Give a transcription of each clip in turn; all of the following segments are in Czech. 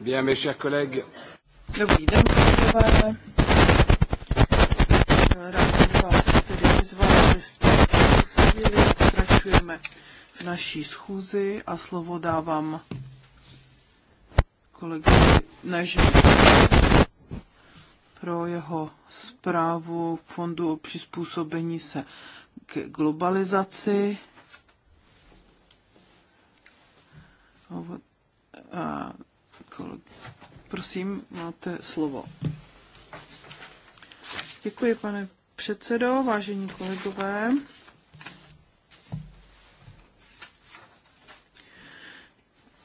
Bien, mes chers collègues. Dobrý den, kolegové. Rád bych vás tedy vyzval, abyste posadili. Pokračujeme v naší schůzi a slovo dávám kolegovi Nežmi pro jeho zprávu k Fondu o přizpůsobení se k globalizaci. A Prosím, máte slovo. Děkuji, pane předsedo, vážení kolegové.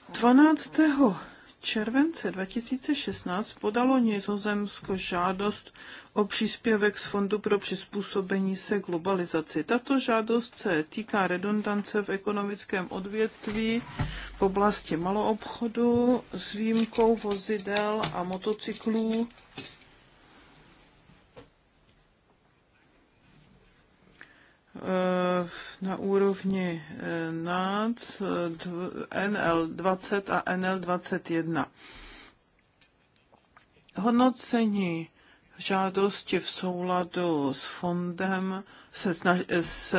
Dvanáctého července 2016 podalo Nizozemsko žádost o příspěvek z Fondu pro přizpůsobení se globalizaci. Tato žádost se týká redundance v ekonomickém odvětví v oblasti maloobchodu s výjimkou vozidel a motocyklů Eh, na úrovni eh, NAC, eh, NL20 a NL21. Hodnocení žádosti v souladu s fondem, se, s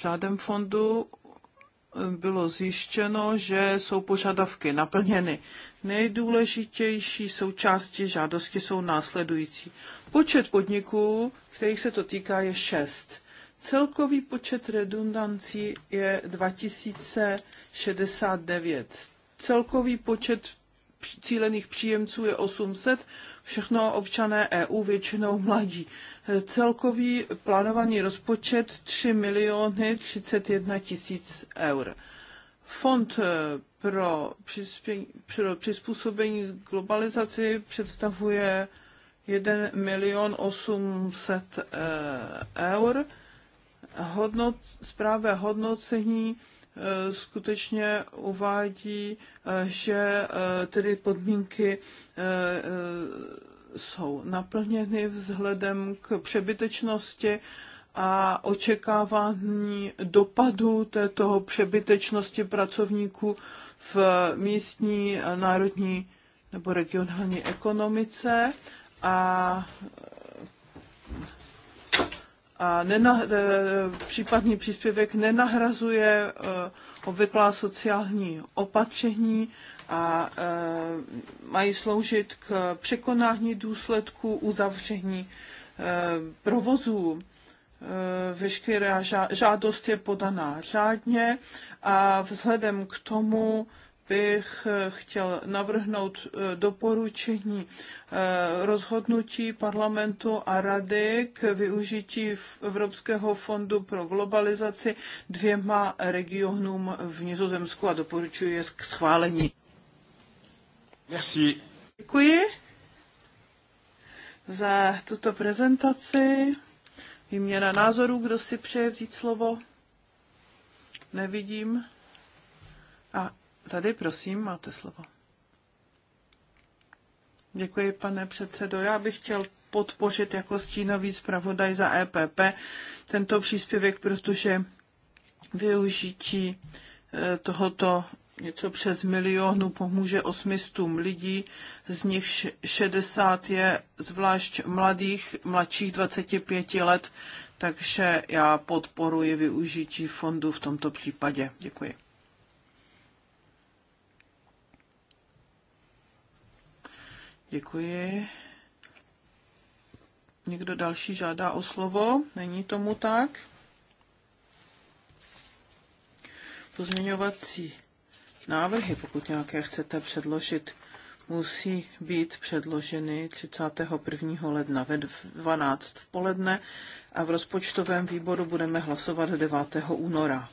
řádem fondu bylo zjištěno, že jsou požadavky naplněny. Nejdůležitější součásti žádosti jsou následující. Počet podniků, kterých se to týká, je šest Celkový počet redundancí je 2069. Celkový počet cílených příjemců je 800, všechno občané EU, většinou mladí. Celkový plánovaný rozpočet 3 miliony 31 tisíc eur. Fond eh, pro, přispění, pro přizpůsobení globalizaci představuje 1 milion 800 eh, eur hodnot, zpráva hodnocení e, skutečně uvádí, e, že e, tedy podmínky jsou naplněny vzhledem k přebytečnosti a očekávání dopadu této přebytečnosti pracovníků v místní, národní nebo regionální ekonomice a a nenah, e, případný příspěvek nenahrazuje e, obvyklá sociální opatření a e, mají sloužit k překonání důsledků uzavření provozů veškerá žádost je podaná řádně a vzhledem k tomu bych eh, chtěl navrhnout eh, doporučení eh, rozhodnutí parlamentu a rady k využití Evropského fondu pro globalizaci dvěma regionům v Nizozemsku a doporučuji je k schválení. Merci. Děkuji za tuto prezentaci. Výměna názorů, kdo si přeje vzít slovo? Nevidím. A tady, prosím, máte slovo. Děkuji, pane předsedo. Já bych chtěl podpořit jako stínový zpravodaj za EPP tento příspěvek, protože využití e, tohoto něco přes milionu pomůže 800 lidí, z nich 60 je zvlášť mladých, mladších 25 let, takže já podporuji využití fondu v tomto případě. Děkuji. Děkuji. Někdo další žádá o slovo? Není tomu tak. Pozměňovací návrhy, pokud nějaké chcete předložit, musí být předloženy 31. ledna ve 12 v poledne a v rozpočtovém výboru budeme hlasovat 9. února.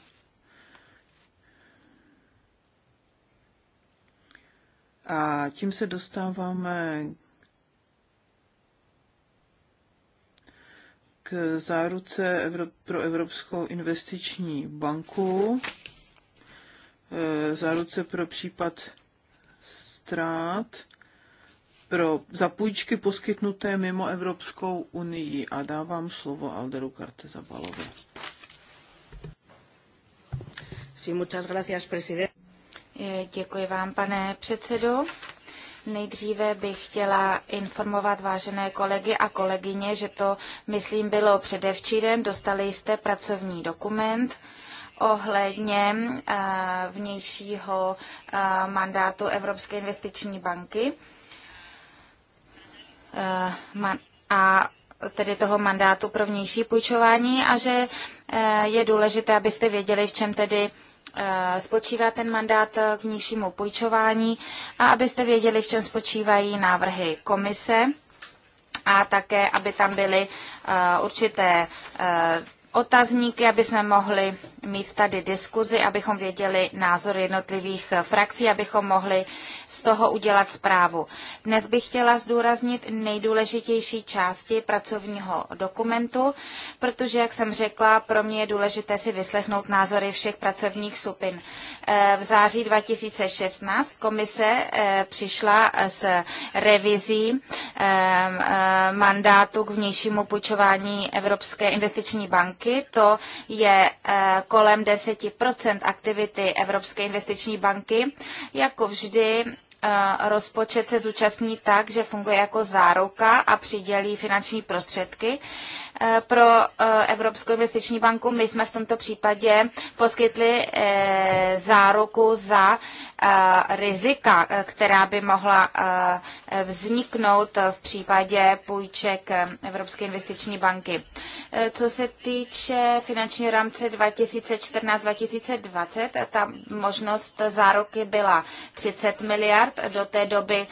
A tím se dostáváme k záruce pro Evropskou investiční banku, eh, záruce pro případ ztrát, pro zapůjčky poskytnuté mimo Evropskou unii. A dávám slovo Alderu Kartezabalovi. Sí, muchas gracias, presidente. Eh, děkuji vám, pane předsedo. Nejdříve bych chtěla informovat vážené kolegy a kolegyně, že to, myslím, bylo předevčírem. Dostali jste pracovní dokument ohledně eh, vnějšího eh, mandátu Evropské investiční banky a tedy toho mandátu pro vnější půjčování a že je důležité, abyste věděli, v čem tedy Eh, spočívá ten mandát eh, k vnějšímu půjčování a abyste věděli, v čem spočívají návrhy komise a také, aby tam byly eh, určité otazníky, aby jsme mohli mít tady diskuzi, abychom věděli názor jednotlivých frakcí, abychom mohli z toho udělat zprávu. Dnes bych chtěla zdůraznit nejdůležitější části pracovního dokumentu, protože, jak jsem řekla, pro mě je důležité si vyslechnout názory všech pracovních supin. Eh, v září 2016 komise eh, přišla s revizí eh, mandátu k vnějšímu půjčování Evropské investiční banky banky, to je eh, kolem 10% aktivity Evropské investiční banky. Jako vždy eh, rozpočet se zúčastní tak, že funguje jako záruka a přidělí finanční prostředky. Eh, pro eh, Evropskou investiční banku. My jsme v tomto případě poskytli eh, záruku za rizika, která by mohla vzniknout v případě půjček Evropské investiční banky. Co se týče finančního rámce 2014-2020, ta možnost záruky byla 30 miliard, do té doby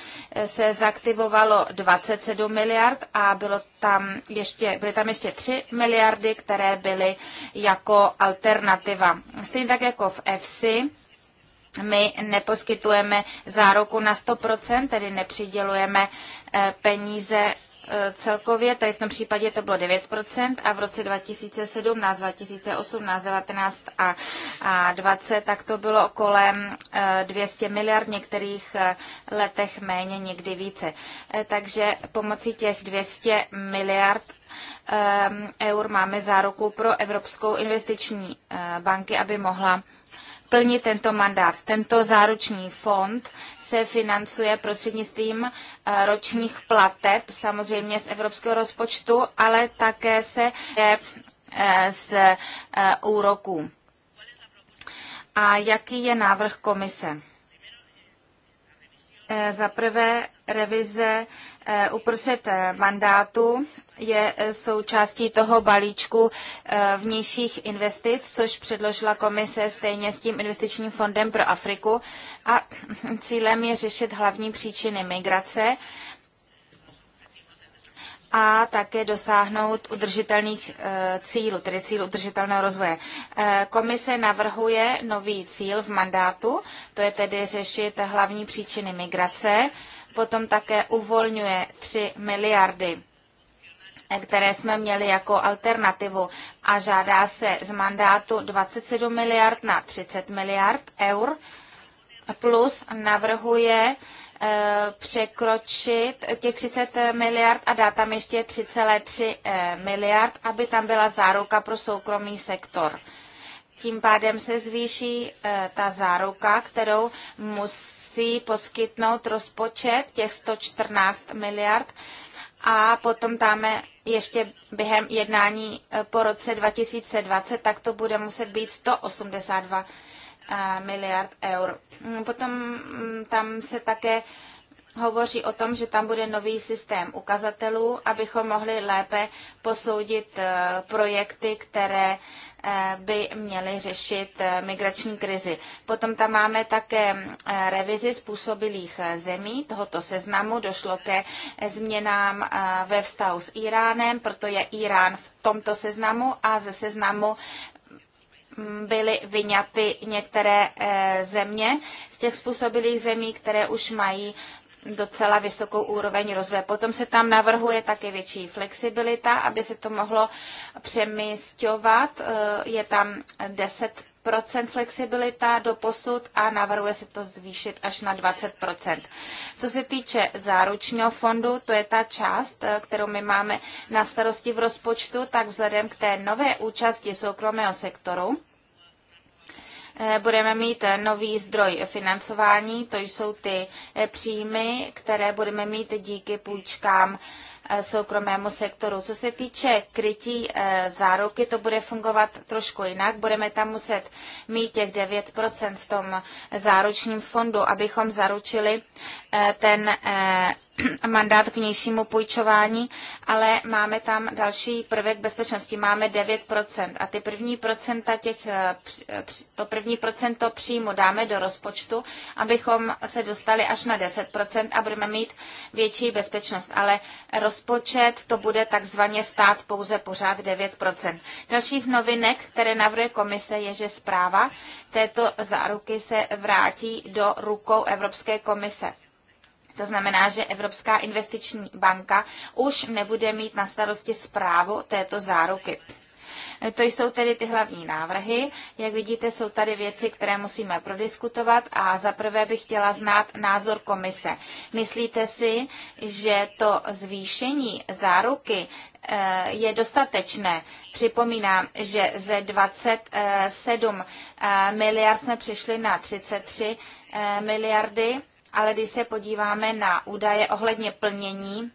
se zaktivovalo 27 miliard a bylo tam ještě, byly tam ještě 3 miliardy, které byly jako alternativa. Stejně tak jako v EFSI, my neposkytujeme záruku na 100%, tedy nepřidělujeme eh, peníze Eh, celkově, tady v tom případě to bylo 9% a v roce 2017, 2018, 19 a, a 20, tak to bylo kolem 200 eh, miliard, v některých eh, letech méně, někdy více. Takže pomocí těch 200 miliard eur máme záruku pro Evropskou investiční banky, aby mohla plnit tento mandát. Tento záruční fond se financuje prostřednictvím eh, ročních plateb, samozřejmě z evropského rozpočtu, ale také se eh, z eh, úroků. A jaký je návrh komise? Eh, za prvé, revize eh, uprostřed eh, mandátu je součástí toho balíčku vnějších investic, což předložila komise stejně s tím investičním fondem pro Afriku. A cílem je řešit hlavní příčiny migrace a také dosáhnout udržitelných eh, cílů, tedy cílů udržitelného rozvoje. Eh, komise navrhuje nový cíl v mandátu, to je tedy řešit hlavní příčiny migrace, potom také uvolňuje 3 miliardy eh, které jsme měli jako alternativu a žádá se z mandátu 27 miliard na 30 miliard eur, plus navrhuje Eh, překročit těch 30 miliard a dát tam ještě 3,3 eh, miliard, aby tam byla záruka pro soukromý sektor. Tím pádem se zvýší eh, ta záruka, kterou musí poskytnout rozpočet těch 114 miliard a potom tam ještě během jednání po roce 2020, tak to bude muset být 182 miliard miliard eur. Mm, potom mm, tam se také hovoří o tom, že tam bude nový systém ukazatelů, abychom mohli lépe posoudit eh, projekty, které eh, by měly řešit eh, migrační krizi. Potom tam máme také revizi způsobilých zemí tohoto seznamu. Došlo ke změnám ve vztahu s Iránem, proto je Irán v tomto seznamu a ze seznamu byly vyňaty některé eh, země z těch způsobilých zemí, které už mají docela vysokou úroveň rozvoje. Potom se tam navrhuje také větší flexibilita, aby se to mohlo přemysťovat. Eh, je tam 10 flexibilita do posud a navrhuje se to zvýšit až na 20 Co se týče záručního fondu, to je ta část, eh, kterou my máme na starosti v rozpočtu, tak vzhledem k té nové účasti soukromého sektoru, eh, budeme mít eh, nový zdroj financování, to jsou ty příjmy, které budeme mít díky půjčkám Eh, soukromému sektoru. Co se týče krytí eh, záruky, to bude fungovat trošku jinak. Budeme tam muset mít těch 9% v tom záručním fondu, abychom zaručili eh, ten mandát k vnějšímu půjčování, ale máme tam další prvek bezpečnosti. Máme 9% a ty první procenta těch, eh, eh, to první procento přímo dáme do rozpočtu, abychom se dostali až na 10% a budeme mít větší bezpečnost. Ale rozpočet to bude takzvaně stát pouze pořád 9%. Další z novinek, které navrhuje komise, je, že zpráva této záruky se vrátí do rukou Evropské komise. To znamená, že Evropská investiční banka už nebude mít na starosti zprávu této záruky. To jsou tedy ty hlavní návrhy. Jak vidíte, jsou tady věci, které musíme prodiskutovat a zaprvé bych chtěla znát názor komise. Myslíte si, že to zvýšení záruky eh, je dostatečné. Připomínám, že ze 27 eh, miliard jsme přišli na 33 eh, miliardy ale když se podíváme na údaje ohledně plnění,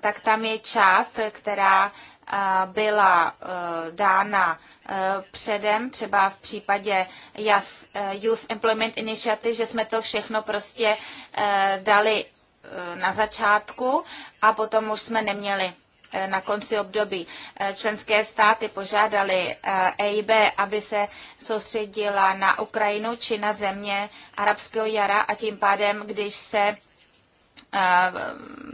tak tam je část, která eh, byla eh, dána eh, předem, třeba v případě Youth Employment Initiative, že jsme to všechno prostě dali na začátku a potom už jsme neměli Eh, na konci období. Eh, členské státy požádali EIB, eh, aby se soustředila na Ukrajinu či na země arabského jara a tím pádem, když se Eh,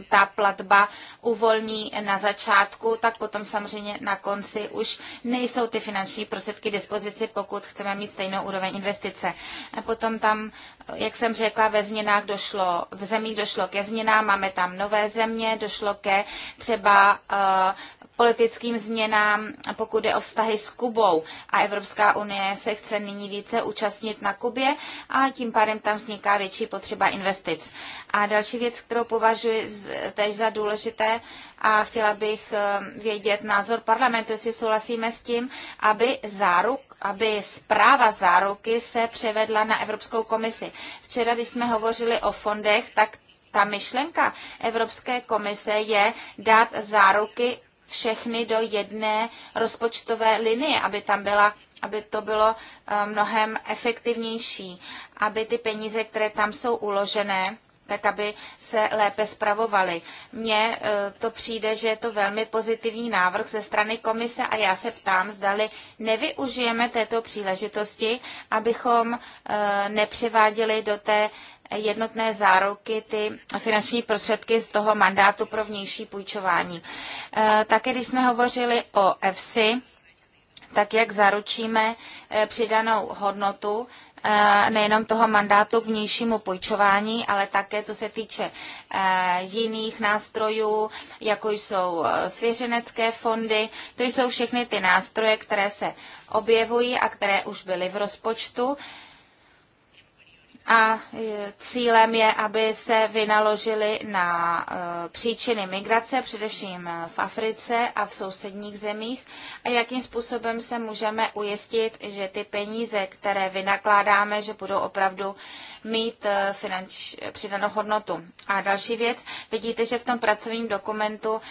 ta platba uvolní na začátku, tak potom samozřejmě na konci už nejsou ty finanční prostředky dispozici, pokud chceme mít stejnou úroveň investice. A potom tam, jak jsem řekla, ve změnách došlo, v zemích došlo ke změnám, máme tam nové země, došlo ke třeba eh, politickým změnám, pokud je o vztahy s Kubou. A Evropská unie se chce nyní více účastnit na Kubě a tím pádem tam vzniká větší potřeba investic. A další věc, kterou považuji tež za důležité, a chtěla bych um, vědět názor parlamentu, jestli souhlasíme s tím, aby záruk aby zpráva záruky se převedla na Evropskou komisi. Včera, když jsme hovořili o fondech, tak ta myšlenka Evropské komise je dát záruky všechny do jedné rozpočtové linie, aby tam byla aby to bylo eh, mnohem efektivnější, aby ty peníze, které tam jsou uložené, tak aby se lépe zpravovaly. Mně eh, to přijde, že je to velmi pozitivní návrh ze strany komise a já se ptám, zdali nevyužijeme této příležitosti, abychom eh, nepřeváděli do té jednotné záruky ty finanční prostředky z toho mandátu pro vnější půjčování. E, také když jsme hovořili o EFSI, tak jak zaručíme e, přidanou hodnotu e, nejenom toho mandátu k vnějšímu půjčování, ale také co se týče jiných nástrojů, jako jsou svěřenecké fondy. To jsou všechny ty nástroje, které se objevují a které už byly v rozpočtu a e, cílem je, aby se vynaložili na e, příčiny migrace, především e, v Africe a v sousedních zemích a jakým způsobem se můžeme ujistit, že ty peníze, které vynakládáme, že budou opravdu mít finanč, přidanou hodnotu. A další věc, vidíte, že v tom pracovním dokumentu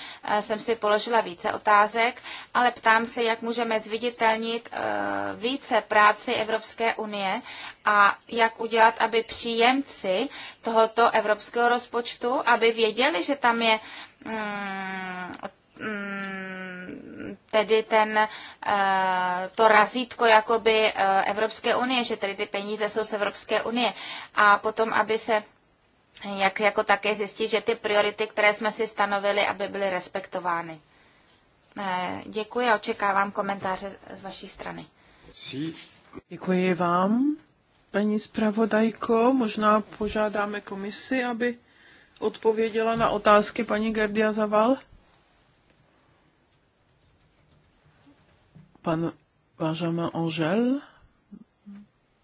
jsem si položila více otázek, ale ptám se, jak můžeme zviditelnit více práci Evropské unie a jak udělat, aby příjemci tohoto evropského rozpočtu, aby věděli, že tam je mm, mm tedy ten, eh, to razítko jakoby eh, Evropské unie, že tedy ty peníze jsou z Evropské unie a potom, aby se jak jako také zjistit, že ty priority, které jsme si stanovili, aby byly respektovány. Eh, děkuji a očekávám komentáře z vaší strany. Děkuji vám. Paní zpravodajko, možná požádáme komisi, aby odpověděla na otázky paní Gerdia Zaval. Pan Benjamin Angel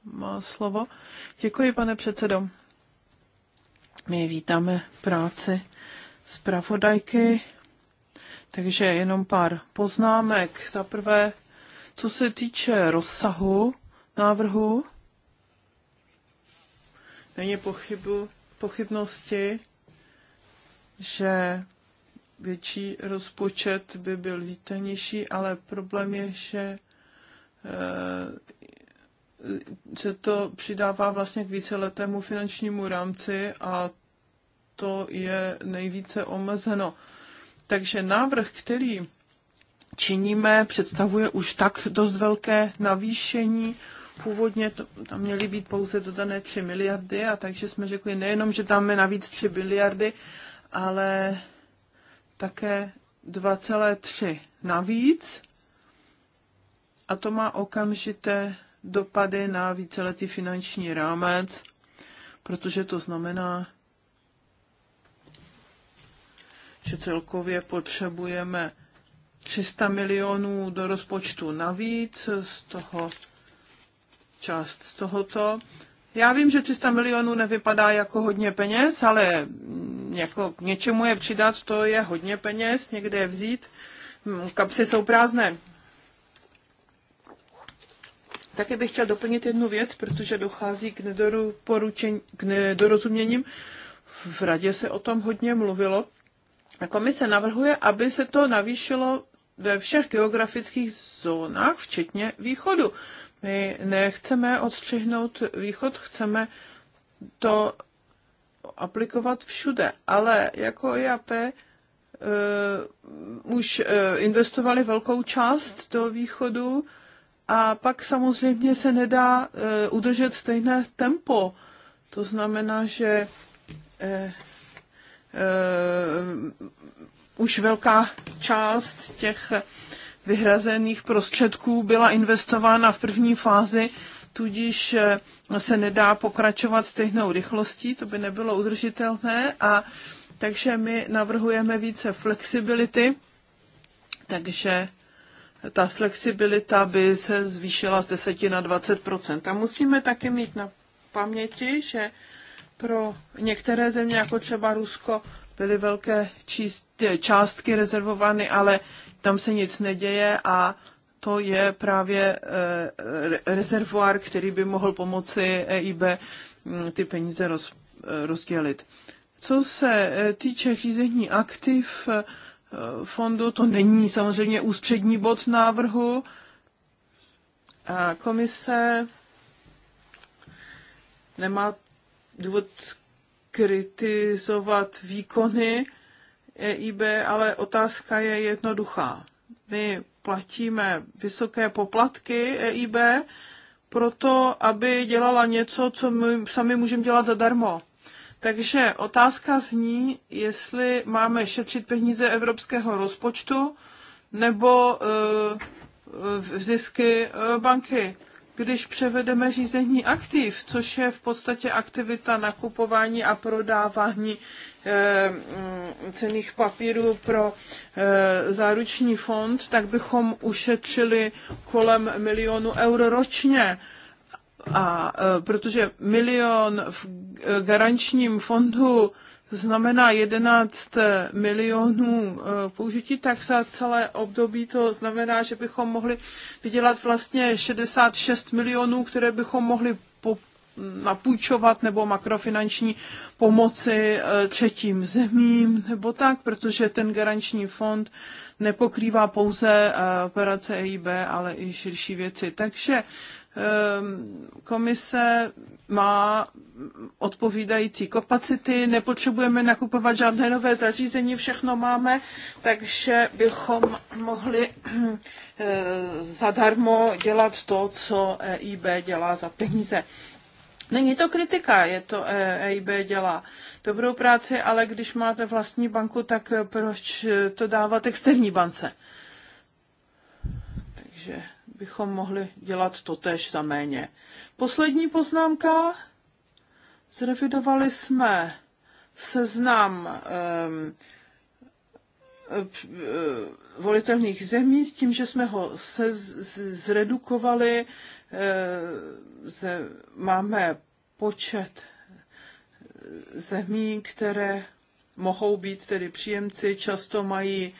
má slovo. Děkuji, pane předsedo. My vítáme práci zpravodajky, takže jenom pár poznámek. Za prvé, co se týče rozsahu návrhu, není pochybu, pochybnosti, že větší rozpočet by byl vítanější, ale problém je, že eh, se to přidává vlastně k víceletému finančnímu rámci a to je nejvíce omezeno. Takže návrh, který činíme, představuje už tak dost velké navýšení Původně to, tam měly být pouze dodané 3 miliardy, a takže jsme řekli nejenom, že dáme navíc 3 miliardy, ale také 2,3 navíc. A to má okamžité dopady na víceletý finanční rámec, protože to znamená, že celkově potřebujeme 300 milionů do rozpočtu navíc, z toho část z tohoto. Já vím, že 300 milionů nevypadá jako hodně peněz, ale mm, jako k něčemu je přidat, to je hodně peněz, někde je vzít. Mm, kapsy jsou prázdné. Také bych chtěl doplnit jednu věc, protože dochází k, k nedorozuměním. V radě se o tom hodně mluvilo. A komise navrhuje, aby se to navýšilo ve všech geografických zónách, včetně východu. My nechceme odstřihnout východ, chceme to aplikovat všude, ale jako IAP e uh, eh, už uh, investovali velkou část do východu a pak samozřejmě se nedá uh, udržet stejné tempo. To znamená, že uh, uh, už velká část těch vyhrazených prostředků byla investována v první fázi, tudíž eh, se nedá pokračovat stejnou rychlostí, to by nebylo udržitelné a takže my navrhujeme více flexibility, takže ta flexibilita by se zvýšila z 10 na 20 A musíme také mít na paměti, že pro některé země, jako třeba Rusko, byly velké číst, eh, částky rezervovány, ale tam se nic neděje a to je právě eh, rezervoár, který by mohl pomoci EIB hm, ty peníze roz, eh, rozdělit. Co se týče řízení aktiv fondu, to není samozřejmě ústřední bod návrhu. A komise nemá důvod kritizovat výkony EIB, ale otázka je jednoduchá. My platíme vysoké poplatky EIB proto, aby dělala něco, co my sami můžeme dělat zadarmo. Takže otázka zní, jestli máme šetřit peníze evropského rozpočtu nebo uh, zisky eh, banky když převedeme řízení aktiv, což je v podstatě aktivita nakupování a prodávání eh, mm, cených papírů pro eh, záruční fond, tak bychom ušetřili kolem milionu euro ročně. A eh, protože milion v garančním fondu znamená 11 milionů eh, použití, tak za celé období to znamená, že bychom mohli vydělat vlastně 66 milionů, které bychom mohli po napůjčovat nebo makrofinanční pomoci eh, třetím zemím nebo tak, protože ten garanční fond nepokrývá pouze eh, operace EIB, ale i širší věci. Takže Ehm, komise má odpovídající kapacity, nepotřebujeme nakupovat žádné nové zařízení, všechno máme, takže bychom mohli ehm, zadarmo dělat to, co EIB dělá za peníze. Není to kritika, je to EIB e dělá dobrou práci, ale když máte vlastní banku, tak proč to dávat externí bance? Takže bychom mohli dělat totéž za méně. Poslední poznámka. Zrevidovali jsme seznam um, volitelných zemí s tím, že jsme ho se zredukovali. Eh, máme počet zemí, které mohou být tedy příjemci, často mají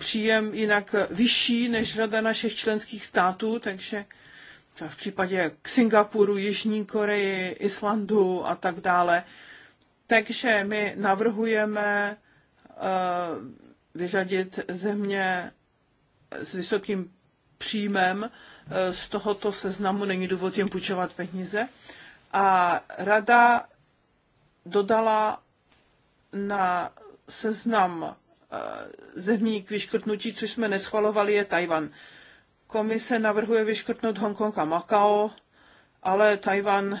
příjem jinak vyšší než řada našich členských států, takže v případě k Singapuru, Jižní Koreji, Islandu a tak dále. Takže my navrhujeme eh, vyřadit země s vysokým příjmem eh, z tohoto seznamu, není důvod jim půjčovat peníze. A rada dodala na seznam Eh, zemí k vyškrtnutí, což jsme neschvalovali, je Tajvan. Komise navrhuje vyškrtnout Hongkong a Makao, ale Tajvan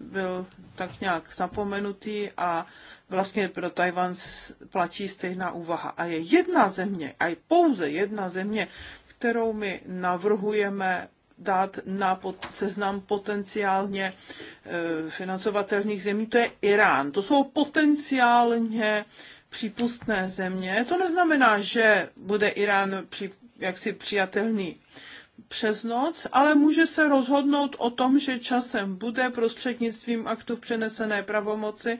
byl tak nějak zapomenutý a vlastně pro Tajvan platí stejná úvaha. A je jedna země, a je pouze jedna země, kterou my navrhujeme dát na pod, seznam potenciálně eh, financovatelných zemí, to je Irán. To jsou potenciálně přípustné země. To neznamená, že bude Irán při, jaksi přijatelný přes noc, ale může se rozhodnout o tom, že časem bude prostřednictvím aktu v přenesené pravomoci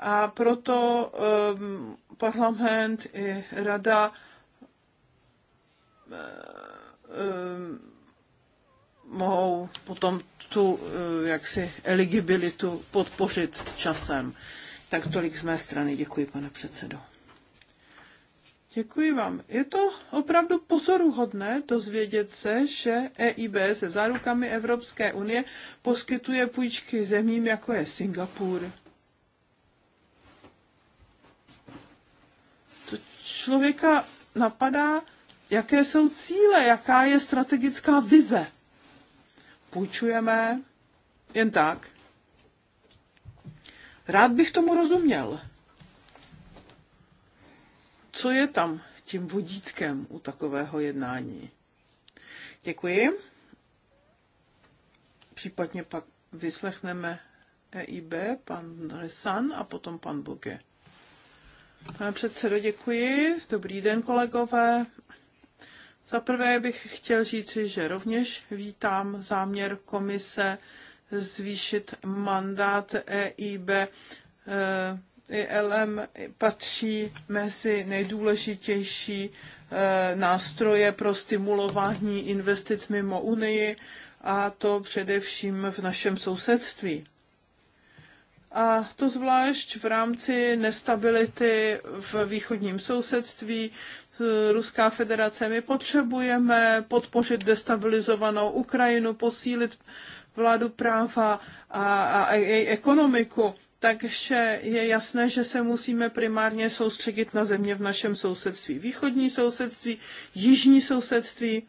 a proto um, parlament i rada um, mohou potom tu eh, jaksi eligibilitu podpořit časem. Tak tolik z mé strany. Děkuji, pane předsedo. Děkuji vám. Je to opravdu pozoruhodné dozvědět se, že EIB se zárukami Evropské unie poskytuje půjčky zemím, jako je Singapur. To člověka napadá, jaké jsou cíle, jaká je strategická vize. Půjčujeme jen tak, Rád bych tomu rozuměl. Co je tam tím vodítkem u takového jednání? Děkuji. Případně pak vyslechneme EIB, pan Resan a potom pan Boge. Pane předsedo, děkuji. Dobrý den, kolegové. Za prvé bych chtěl říci, že rovněž vítám záměr komise zvýšit mandát EIB. ILM e, e patří mezi nejdůležitější e, nástroje pro stimulování investic mimo Unii a to především v našem sousedství. A to zvlášť v rámci nestability v východním sousedství, Ruská federace. My potřebujeme podpořit destabilizovanou Ukrajinu, posílit vládu práva a, a její ekonomiku. Takže je jasné, že se musíme primárně soustředit na země v našem sousedství. Východní sousedství, jižní sousedství,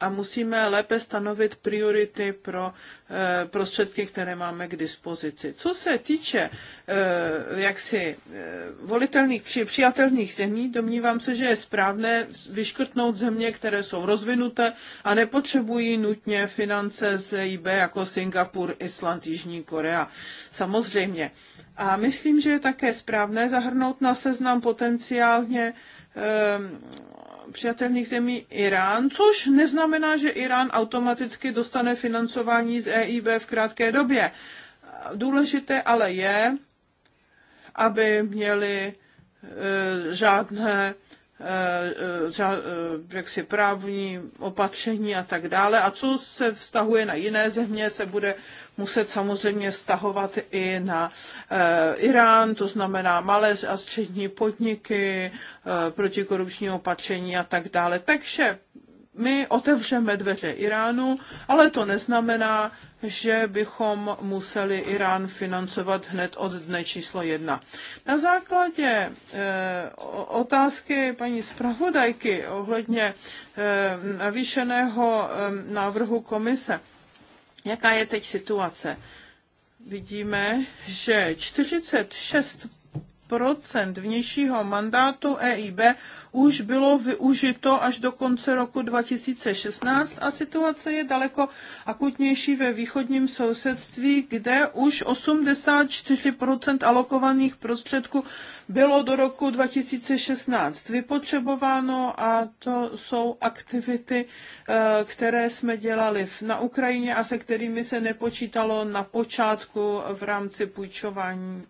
a musíme lépe stanovit priority pro eh, prostředky, které máme k dispozici. Co se týče eh, jaksi eh, volitelných, při, přijatelných zemí, domnívám se, že je správné vyškrtnout země, které jsou rozvinuté a nepotřebují nutně finance z e IB jako Singapur, Island, Jižní Korea. Samozřejmě. A myslím, že je také správné zahrnout na seznam potenciálně přijatelných zemí Irán, což neznamená, že Irán automaticky dostane financování z EIB v krátké době. Důležité ale je, aby měli eh, žádné Eh, eh, eh, jaksi právní opatření a tak dále. A co se vztahuje na jiné země, se bude muset samozřejmě stahovat i na Irán, to znamená malé a střední podniky, protikorupční opatření a tak dále. Takže my otevřeme dveře Iránu, ale to neznamená, že bychom museli Irán financovat hned od dne číslo jedna. Na základě eh, otázky paní zpravodajky ohledně eh, navýšeného eh, návrhu komise, jaká je teď situace? Vidíme, že 46 vnějšího mandátu EIB už bylo využito až do konce roku 2016 a situace je daleko akutnější ve východním sousedství, kde už 84 alokovaných prostředků bylo do roku 2016 vypotřebováno a to jsou aktivity, eh, které jsme dělali na Ukrajině a se kterými se nepočítalo na počátku v rámci půjčování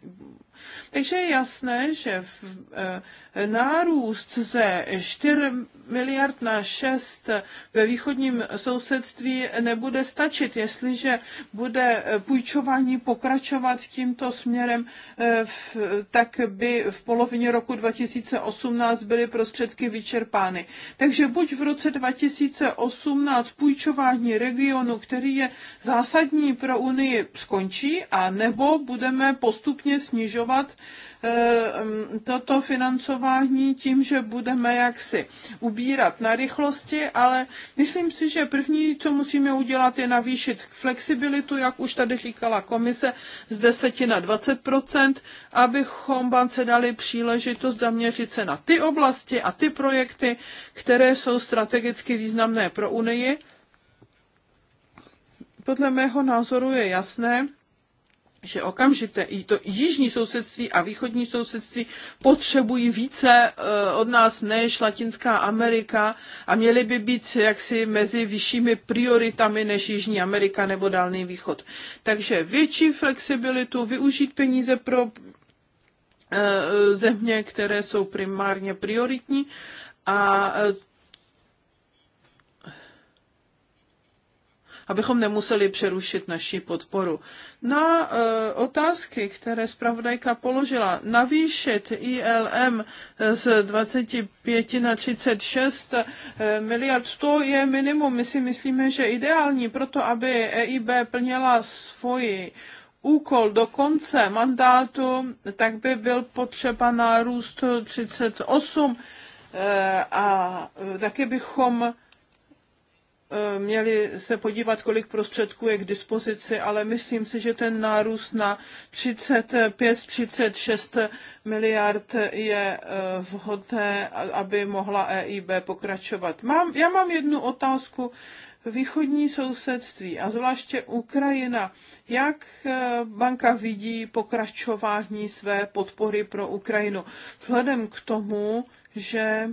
takže je jasné, že v, e, nárůst ze 4 miliard na 6 ve východním sousedství nebude stačit, jestliže bude eh, půjčování pokračovat tímto směrem, e, v, tak by v polovině roku 2018 byly prostředky vyčerpány. Takže buď v roce 2018 půjčování regionu, který je zásadní pro Unii, skončí, a nebo budeme postupně snižovat eh, mm, toto financování tím, že budeme jaksi ubírat na rychlosti, ale myslím si, že první, co musíme udělat, je navýšit flexibilitu, jak už tady říkala komise, z 10 na 20 abychom bance dali dali příležitost zaměřit se na ty oblasti a ty projekty, které jsou strategicky významné pro Unii. Podle mého názoru je jasné, že okamžité i to jižní sousedství a východní sousedství potřebují více eh, od nás než Latinská Amerika a měly by být jaksi mezi vyššími prioritami než Jižní Amerika nebo Dálný východ. Takže větší flexibilitu, využít peníze pro Eh, země, které jsou primárně prioritní a eh, abychom nemuseli přerušit naši podporu. Na e, otázky, které zpravodajka položila, navýšit ILM z 25 na 36 miliard, to je minimum. My si myslíme, že ideální proto, aby EIB plněla svoji úkol do konce mandátu, tak by byl potřeba nárůst 38 eh, a taky bychom eh, měli se podívat, kolik prostředků je k dispozici, ale myslím si, že ten nárůst na 35-36 miliard je eh, vhodné, aby mohla EIB pokračovat. Mám, já mám jednu otázku východní sousedství a zvláště Ukrajina. Jak eh, banka vidí pokračování své podpory pro Ukrajinu? Vzhledem k tomu, že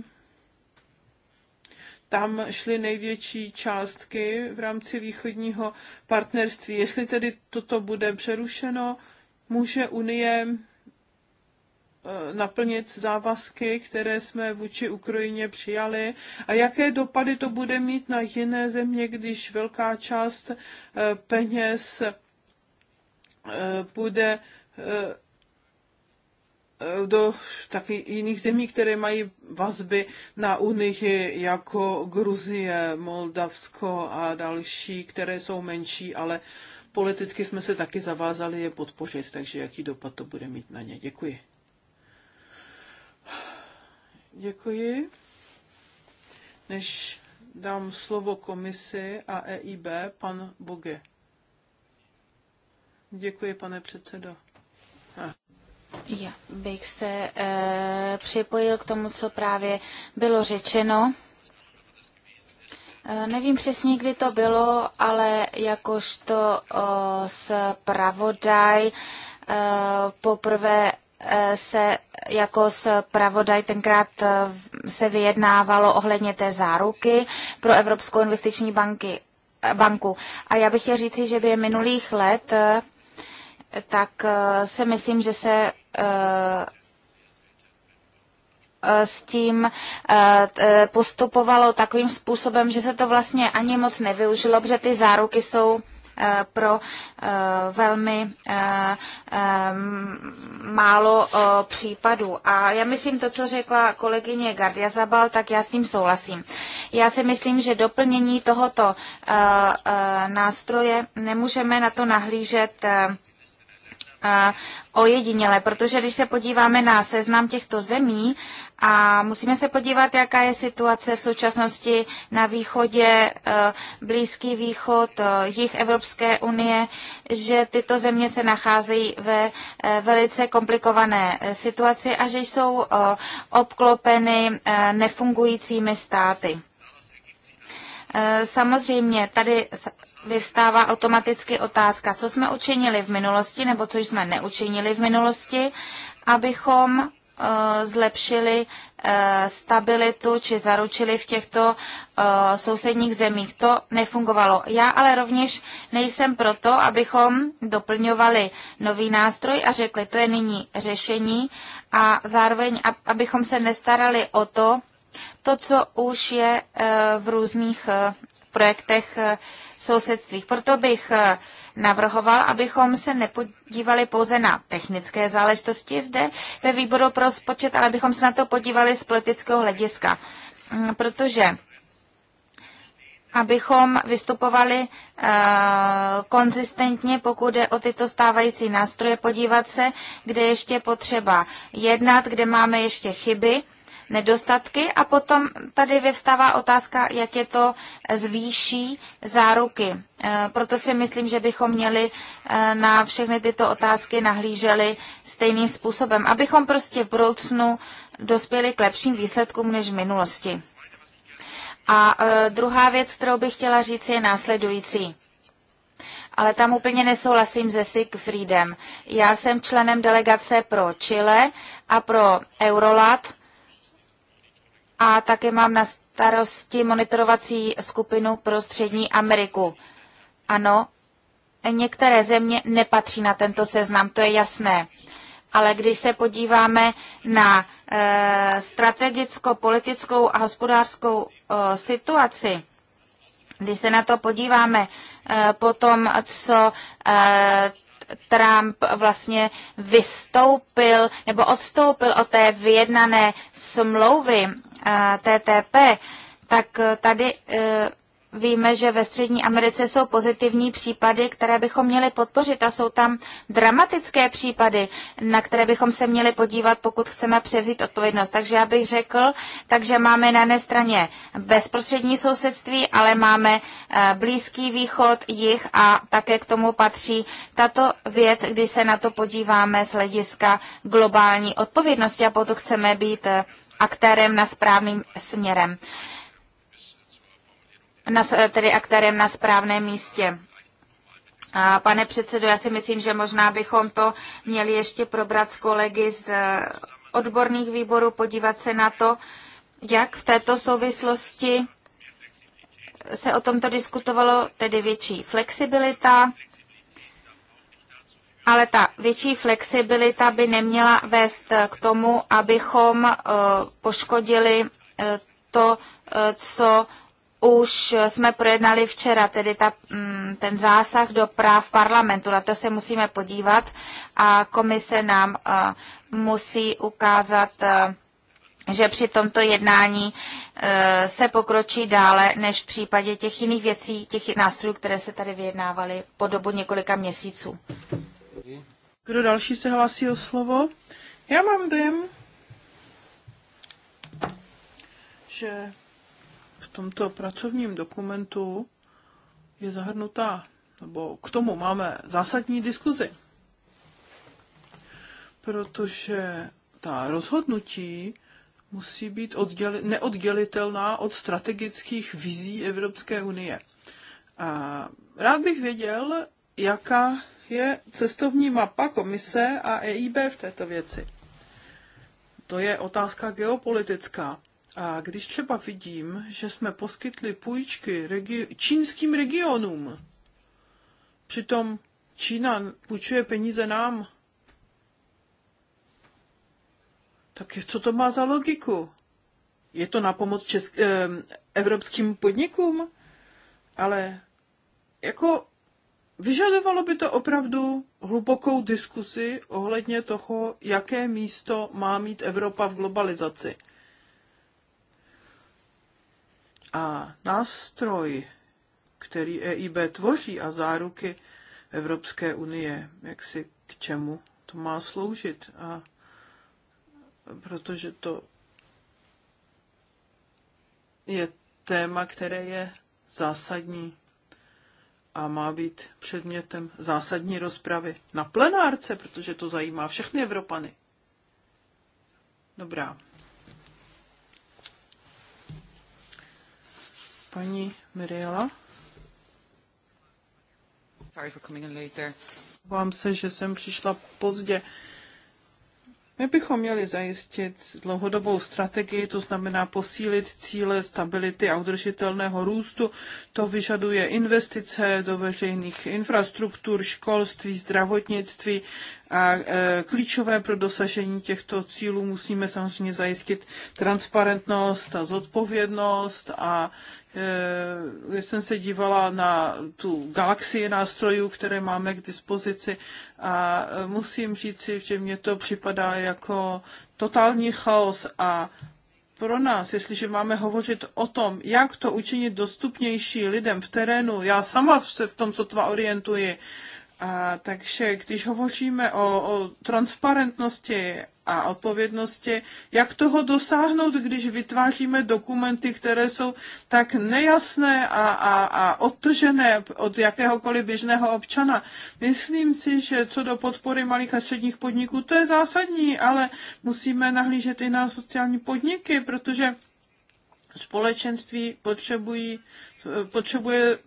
tam šly největší částky v rámci východního partnerství. Jestli tedy toto bude přerušeno, může Unie Eh, naplnit závazky, které jsme vůči Ukrajině přijali a jaké dopady to bude mít na jiné země, když velká část eh, peněz bude eh, do taky jiných zemí, které mají vazby na Unii, jako Gruzie, Moldavsko a další, které jsou menší, ale politicky jsme se taky zavázali je podpořit, takže jaký dopad to bude mít na ně. Děkuji. Děkuji. Než dám slovo komisi a EIB, pan Boge. Děkuji, pane předsedo. Já bych se e, připojil k tomu, co právě bylo řečeno. E, nevím přesně, kdy to bylo, ale jakožto zpravodaj e, poprvé e, se jako zpravodaj tenkrát eh, se vyjednávalo ohledně té záruky pro Evropskou investiční banky, eh, banku. A já bych chtěl říci, že během minulých let eh, tak se myslím, že se s tím postupovalo takovým způsobem, že se to vlastně ani moc nevyužilo, protože ty záruky jsou Eh, pro eh, velmi eh, málo případů. A já myslím to, co řekla kolegyně Gardia Zabal, tak já s tím souhlasím. Já si myslím, že doplnění tohoto nástroje nemůžeme na to nahlížet ojediněle, protože když se podíváme na seznam těchto zemí a musíme se podívat, jaká je situace v současnosti na východě, eh, Blízký východ, eh, jich Evropské unie, že tyto země se nacházejí ve eh, velice komplikované situaci a že jsou obklopeny nefungujícími státy. Eh, samozřejmě tady vyvstává automaticky otázka, co jsme učinili v minulosti nebo co jsme neučinili v minulosti, abychom eh, zlepšili eh, stabilitu či zaručili v těchto sousedních zemích. To nefungovalo. Já ale rovněž nejsem proto, abychom doplňovali nový nástroj a řekli, to je nyní řešení a zároveň, abychom se nestarali o to, to, co už je eh, v různých eh, projektech eh, sousedství. Proto bych navrhoval, abychom se nepodívali pouze na technické záležitosti zde ve výboru pro rozpočet, ale abychom se na to podívali z politického hlediska. Mm, protože abychom vystupovali uh, konzistentně, pokud jde o tyto stávající nástroje, podívat se, kde ještě potřeba jednat, kde máme ještě chyby nedostatky a potom tady vyvstává otázka, jak je to zvýší záruky. E, proto si myslím, že bychom měli e, na všechny tyto otázky nahlíželi stejným způsobem, abychom prostě v budoucnu dospěli k lepším výsledkům než v minulosti. A e, druhá věc, kterou bych chtěla říct, je následující ale tam úplně nesouhlasím se Sigfriedem. Já jsem členem delegace pro Chile a pro Eurolat a také mám na starosti monitorovací skupinu pro Střední Ameriku. Ano, některé země nepatří na tento seznam, to je jasné. Ale když se podíváme na e, eh, strategicko-politickou a hospodářskou e, situaci, když se na to podíváme e, eh, po tom, co e, Trump vlastně vystoupil nebo odstoupil od té vyjednané smlouvy eh, TTP, tak eh, tady eh, Víme, že ve Střední Americe jsou pozitivní případy, které bychom měli podpořit a jsou tam dramatické případy, na které bychom se měli podívat, pokud chceme převzít odpovědnost. Takže já bych řekl, takže máme na jedné straně bezprostřední sousedství, ale máme eh, Blízký východ, jich a také k tomu patří tato věc, když se na to podíváme z hlediska globální odpovědnosti a potom chceme být eh, aktérem na správným směrem na, tedy aktérem na správném místě. A pane předsedo, já si myslím, že možná bychom to měli ještě probrat s kolegy z eh, odborných výborů, podívat se na to, jak v této souvislosti se o tomto diskutovalo, tedy větší flexibilita, ale ta větší flexibilita by neměla vést eh, k tomu, abychom eh, poškodili to, co už jsme projednali včera, tedy ta, mm, ten zásah do práv parlamentu. Na to se musíme podívat a komise nám eh, musí ukázat, eh, že při tomto jednání eh, se pokročí dále než v případě těch jiných věcí, těch nástrojů, které se tady vyjednávaly po dobu několika měsíců. Kdo další se hlásí o slovo? Já mám dojem, že v tomto pracovním dokumentu je zahrnutá, nebo k tomu máme zásadní diskuzi. Protože ta rozhodnutí musí být odděli, neoddělitelná od strategických vizí Evropské unie. A rád bych věděl, jaká je cestovní mapa komise a EIB v této věci. To je otázka geopolitická. A když třeba vidím, že jsme poskytli půjčky regi- čínským regionům, přitom Čína půjčuje peníze nám, tak co to má za logiku? Je to na pomoc česk- evropským podnikům? Ale jako Vyžadovalo by to opravdu hlubokou diskusi ohledně toho, jaké místo má mít Evropa v globalizaci. A nástroj, který EIB tvoří a záruky Evropské unie, jak si k čemu to má sloužit. A protože to je téma, které je zásadní a má být předmětem zásadní rozpravy na plenárce, protože to zajímá všechny Evropany. Dobrá. paní Mirela, Sorry for coming in later. Vám se, že jsem přišla pozdě. My bychom měli zajistit dlouhodobou strategii, to znamená posílit cíle stability a udržitelného růstu. To vyžaduje investice do veřejných infrastruktur, školství, zdravotnictví a e, klíčové pro dosažení těchto cílů musíme samozřejmě zajistit transparentnost a zodpovědnost a když eh, jsem se dívala na tu galaxii nástrojů, které máme k dispozici a musím říci, že mně to připadá jako totální chaos a pro nás, jestliže máme hovořit o tom, jak to učinit dostupnější lidem v terénu, já sama se v tom sotva orientuji, a, takže když hovoříme o, o transparentnosti a odpovědnosti, jak toho dosáhnout, když vytváříme dokumenty, které jsou tak nejasné a, a, a odtržené od jakéhokoliv běžného občana. Myslím si, že co do podpory malých a středních podniků, to je zásadní, ale musíme nahlížet i na sociální podniky, protože společenství potřebují, potřebuje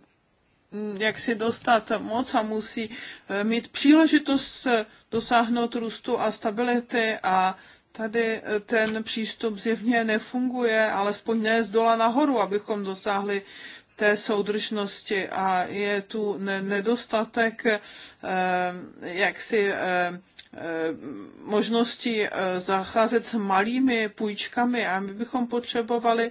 mm, jak si dostat moc a musí eh, mít příležitost eh, dosáhnout růstu a stability a tady eh, ten přístup zjevně nefunguje, alespoň ne z dola nahoru, abychom dosáhli té soudržnosti a je tu nedostatek eh, jaksi eh, možnosti zacházet s malými půjčkami a my bychom potřebovali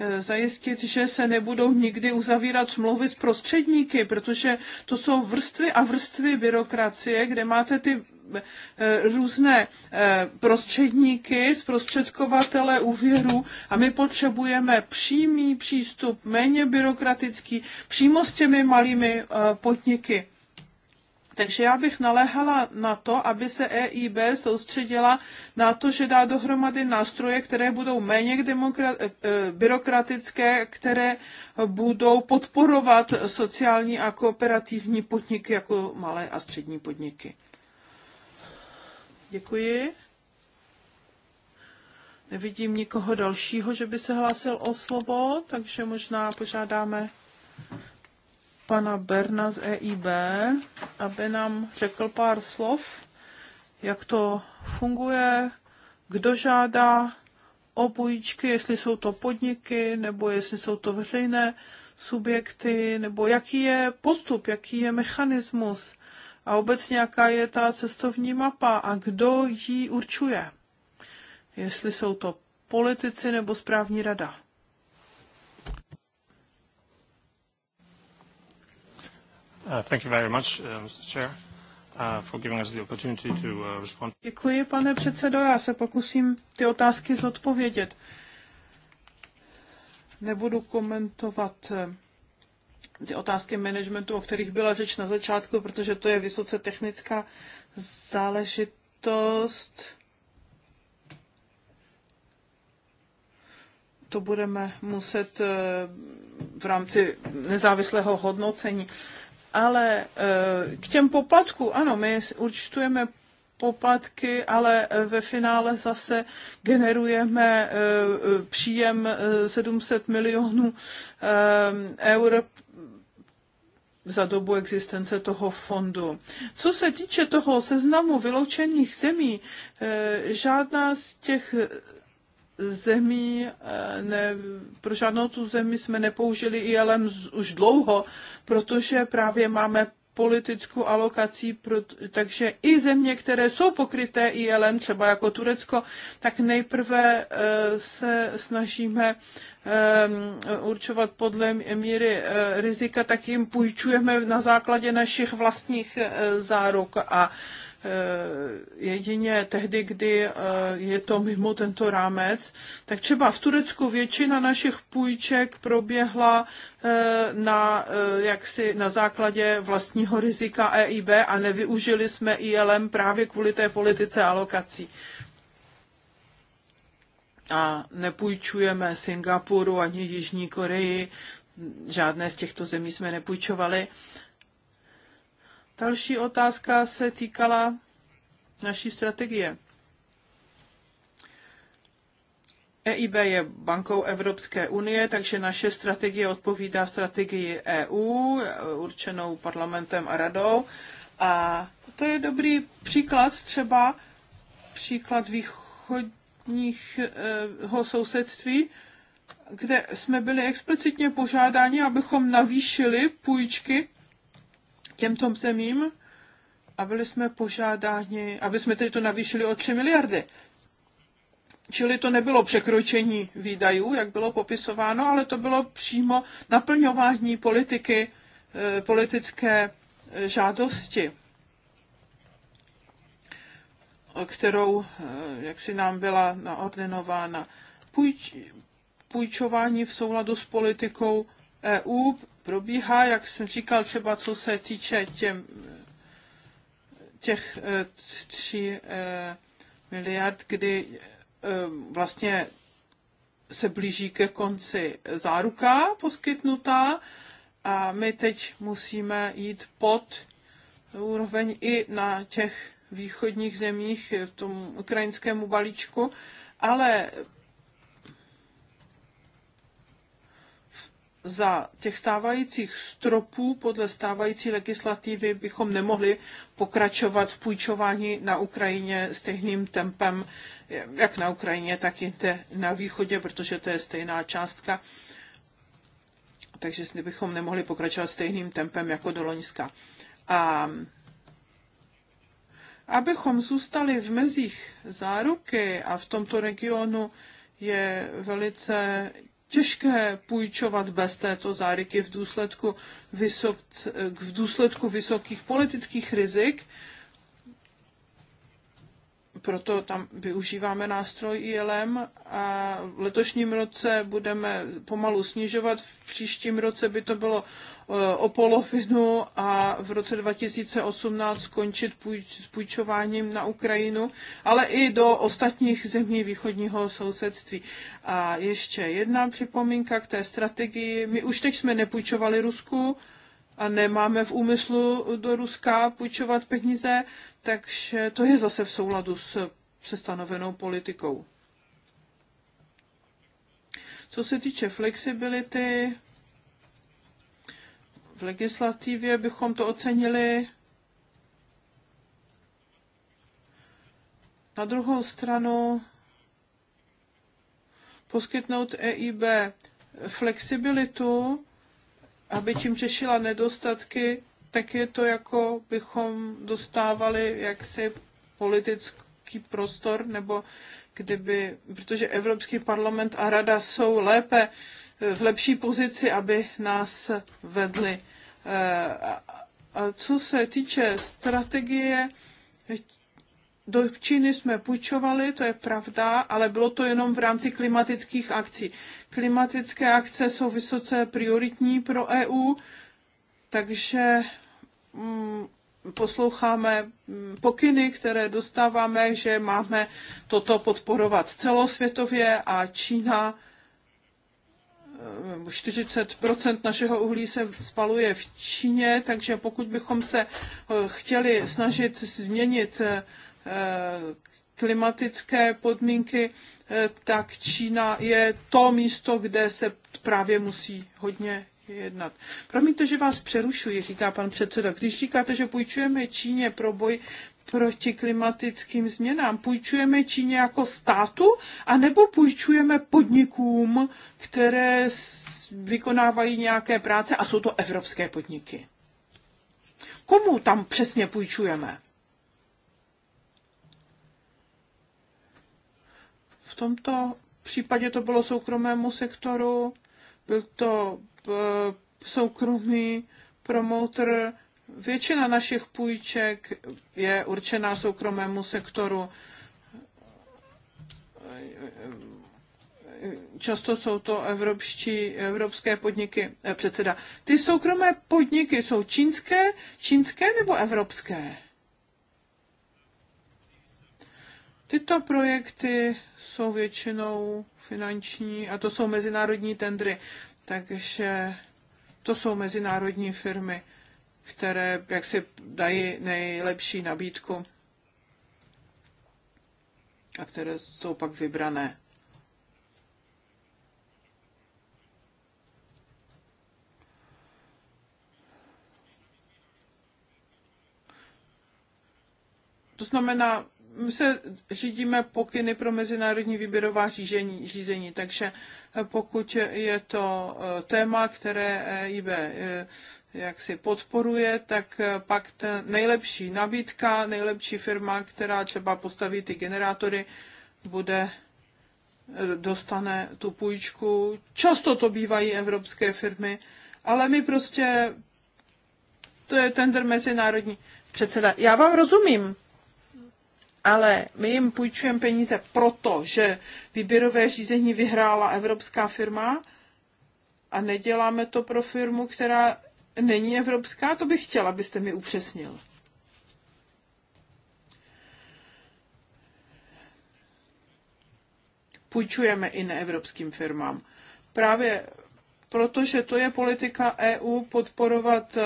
Eh, zajistit, že se nebudou nikdy uzavírat smlouvy s prostředníky, protože to jsou vrstvy a vrstvy byrokracie, kde máte ty eh, různé eh, prostředníky, zprostředkovatele úvěru a my potřebujeme přímý přístup, méně byrokratický, přímo s těmi malými podniky. Takže já bych naléhala na to, aby se EIB soustředila na to, že dá dohromady nástroje, které budou méně eh, eh, byrokratické, které budou podporovat sociální a kooperativní podniky jako malé a střední podniky. Děkuji. Nevidím nikoho dalšího, že by se hlásil o slovo, takže možná požádáme pana Berna z EIB, aby nám řekl pár slov, jak to funguje, kdo žádá o půjčky, jestli jsou to podniky, nebo jestli jsou to veřejné subjekty, nebo jaký je postup, jaký je mechanismus a obecně jaká je ta cestovní mapa a kdo ji určuje. Jestli jsou to politici nebo správní rada. Děkuji, pane předsedo. Já se pokusím ty otázky zodpovědět. Nebudu komentovat eh, ty otázky managementu, o kterých byla řeč na začátku, protože to je vysoce technická záležitost. To budeme muset eh, v rámci nezávislého hodnocení ale e, k těm poplatkům, ano, my určitujeme poplatky, ale e, ve finále zase generujeme e, příjem 700 milionů eur za dobu existence toho fondu. Co se týče toho seznamu vyloučených zemí, žádná z těch zemí, eh, ne, pro žádnou tu zemi jsme nepoužili ILM už dlouho, protože právě máme politickou alokací, takže i země, které jsou pokryté ILM, třeba jako Turecko, tak nejprve eh, se snažíme ehm, určovat podle míry eh, rizika, tak jim půjčujeme na základě našich vlastních záruk a Eh, jedině tehdy, kdy eh, je to mimo tento rámec. Tak třeba v Turecku většina našich půjček proběhla eh, na, jaksi, na základě vlastního rizika EIB a nevyužili jsme ILM právě kvůli té politice alokací. A nepůjčujeme Singapuru ani Jižní Koreji, žádné z těchto zemí jsme nepůjčovali. Další otázka se týkala naší strategie. EIB je bankou Evropské unie, takže naše strategie odpovídá strategii EU, určenou parlamentem a radou. A to je dobrý příklad, třeba příklad východního eh, sousedství, kde jsme byli explicitně požádáni, abychom navýšili půjčky těmto zemím a byli jsme požádáni, aby jsme tedy to navýšili o 3 miliardy. Čili to nebylo překročení výdajů, jak bylo popisováno, ale to bylo přímo naplňování politiky, eh, politické eh, žádosti, kterou eh, jak si nám byla naordinována. Půjč, půjčování v souladu s politikou EU probíhá, jak jsem říkal, třeba co se týče těm, těch eh, tří eh, miliard, kdy eh, vlastně se blíží ke konci záruka poskytnutá a my teď musíme jít pod úroveň i na těch východních zemích v tom ukrajinskému balíčku, ale za těch stávajících stropů podle stávající legislativy bychom nemohli pokračovat v půjčování na Ukrajině stejným tempem, jak na Ukrajině, tak i na východě, protože to je stejná částka. Takže bychom nemohli pokračovat stejným tempem jako do Loňska. A abychom zůstali v mezích záruky a v tomto regionu je velice těžké půjčovat bez této záruky v důsledku, vysok, v důsledku vysokých politických rizik proto tam využíváme nástroj ILM a v letošním roce budeme pomalu snižovat, v příštím roce by to bylo e, o polovinu a v roce 2018 skončit s půjčováním na Ukrajinu, ale i do ostatních zemí východního sousedství. A ještě jedna připomínka k té strategii. My už teď jsme nepůjčovali Rusku, a nemáme v úmyslu do Ruska půjčovat peníze, takže to je zase v souladu s, se stanovenou politikou. Co se týče flexibility, v legislativě bychom to ocenili. Na druhou stranu poskytnout EIB flexibilitu aby tím řešila nedostatky, tak je to jako bychom dostávali jaksi politický prostor, nebo kdyby, protože Evropský parlament a rada jsou lépe v lepší pozici, aby nás vedli. Eh, a co se týče strategie do Číny jsme půjčovali, to je pravda, ale bylo to jenom v rámci klimatických akcí. Klimatické akce jsou vysoce prioritní pro EU, takže mm, posloucháme mm, pokyny, které dostáváme, že máme toto podporovat celosvětově a Čína 40 mm, našeho uhlí se spaluje v Číně, takže pokud bychom se eh, chtěli snažit změnit eh, Eh, klimatické podmínky, eh, tak Čína je to místo, kde se právě musí hodně jednat. Promiňte, že vás přerušuji, říká pan předseda. Když říkáte, že půjčujeme Číně pro boj proti klimatickým změnám, půjčujeme Číně jako státu, anebo půjčujeme podnikům, které vykonávají nějaké práce a jsou to evropské podniky? Komu tam přesně půjčujeme? V tomto případě to bylo soukromému sektoru, byl to e, soukromý promotor. Většina našich půjček je určená soukromému sektoru. Často jsou to evropští, evropské podniky. Eh, předseda, ty soukromé podniky jsou čínské, čínské nebo evropské? Tyto projekty jsou většinou finanční a to jsou mezinárodní tendry, takže to jsou mezinárodní firmy, které jak si dají nejlepší nabídku a které jsou pak vybrané. To znamená, se řídíme pokyny pro mezinárodní výběrová řízení, řízení. Takže pokud je to eh, téma, které EIB eh, eh, jak si podporuje, tak pak ta nejlepší nabídka, nejlepší firma, která třeba postaví ty generátory, bude dostane tu půjčku. Často to bývají evropské firmy, ale my prostě to je tender mezinárodní. Předseda, já vám rozumím, ale my jim půjčujeme peníze proto, že výběrové řízení vyhrála evropská firma a neděláme to pro firmu, která není evropská, to bych chtěla, abyste mi upřesnil. Půjčujeme i neevropským firmám. Právě protože to je politika EU podporovat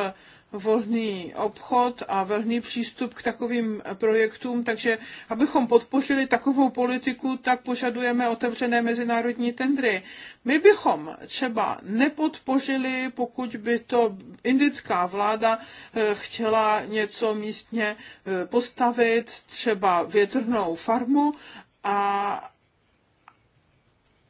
volný obchod a volný přístup k takovým projektům, takže abychom podpořili takovou politiku, tak požadujeme otevřené mezinárodní tendry. My bychom třeba nepodpořili, pokud by to indická vláda eh, chtěla něco místně eh, postavit, třeba větrnou farmu a,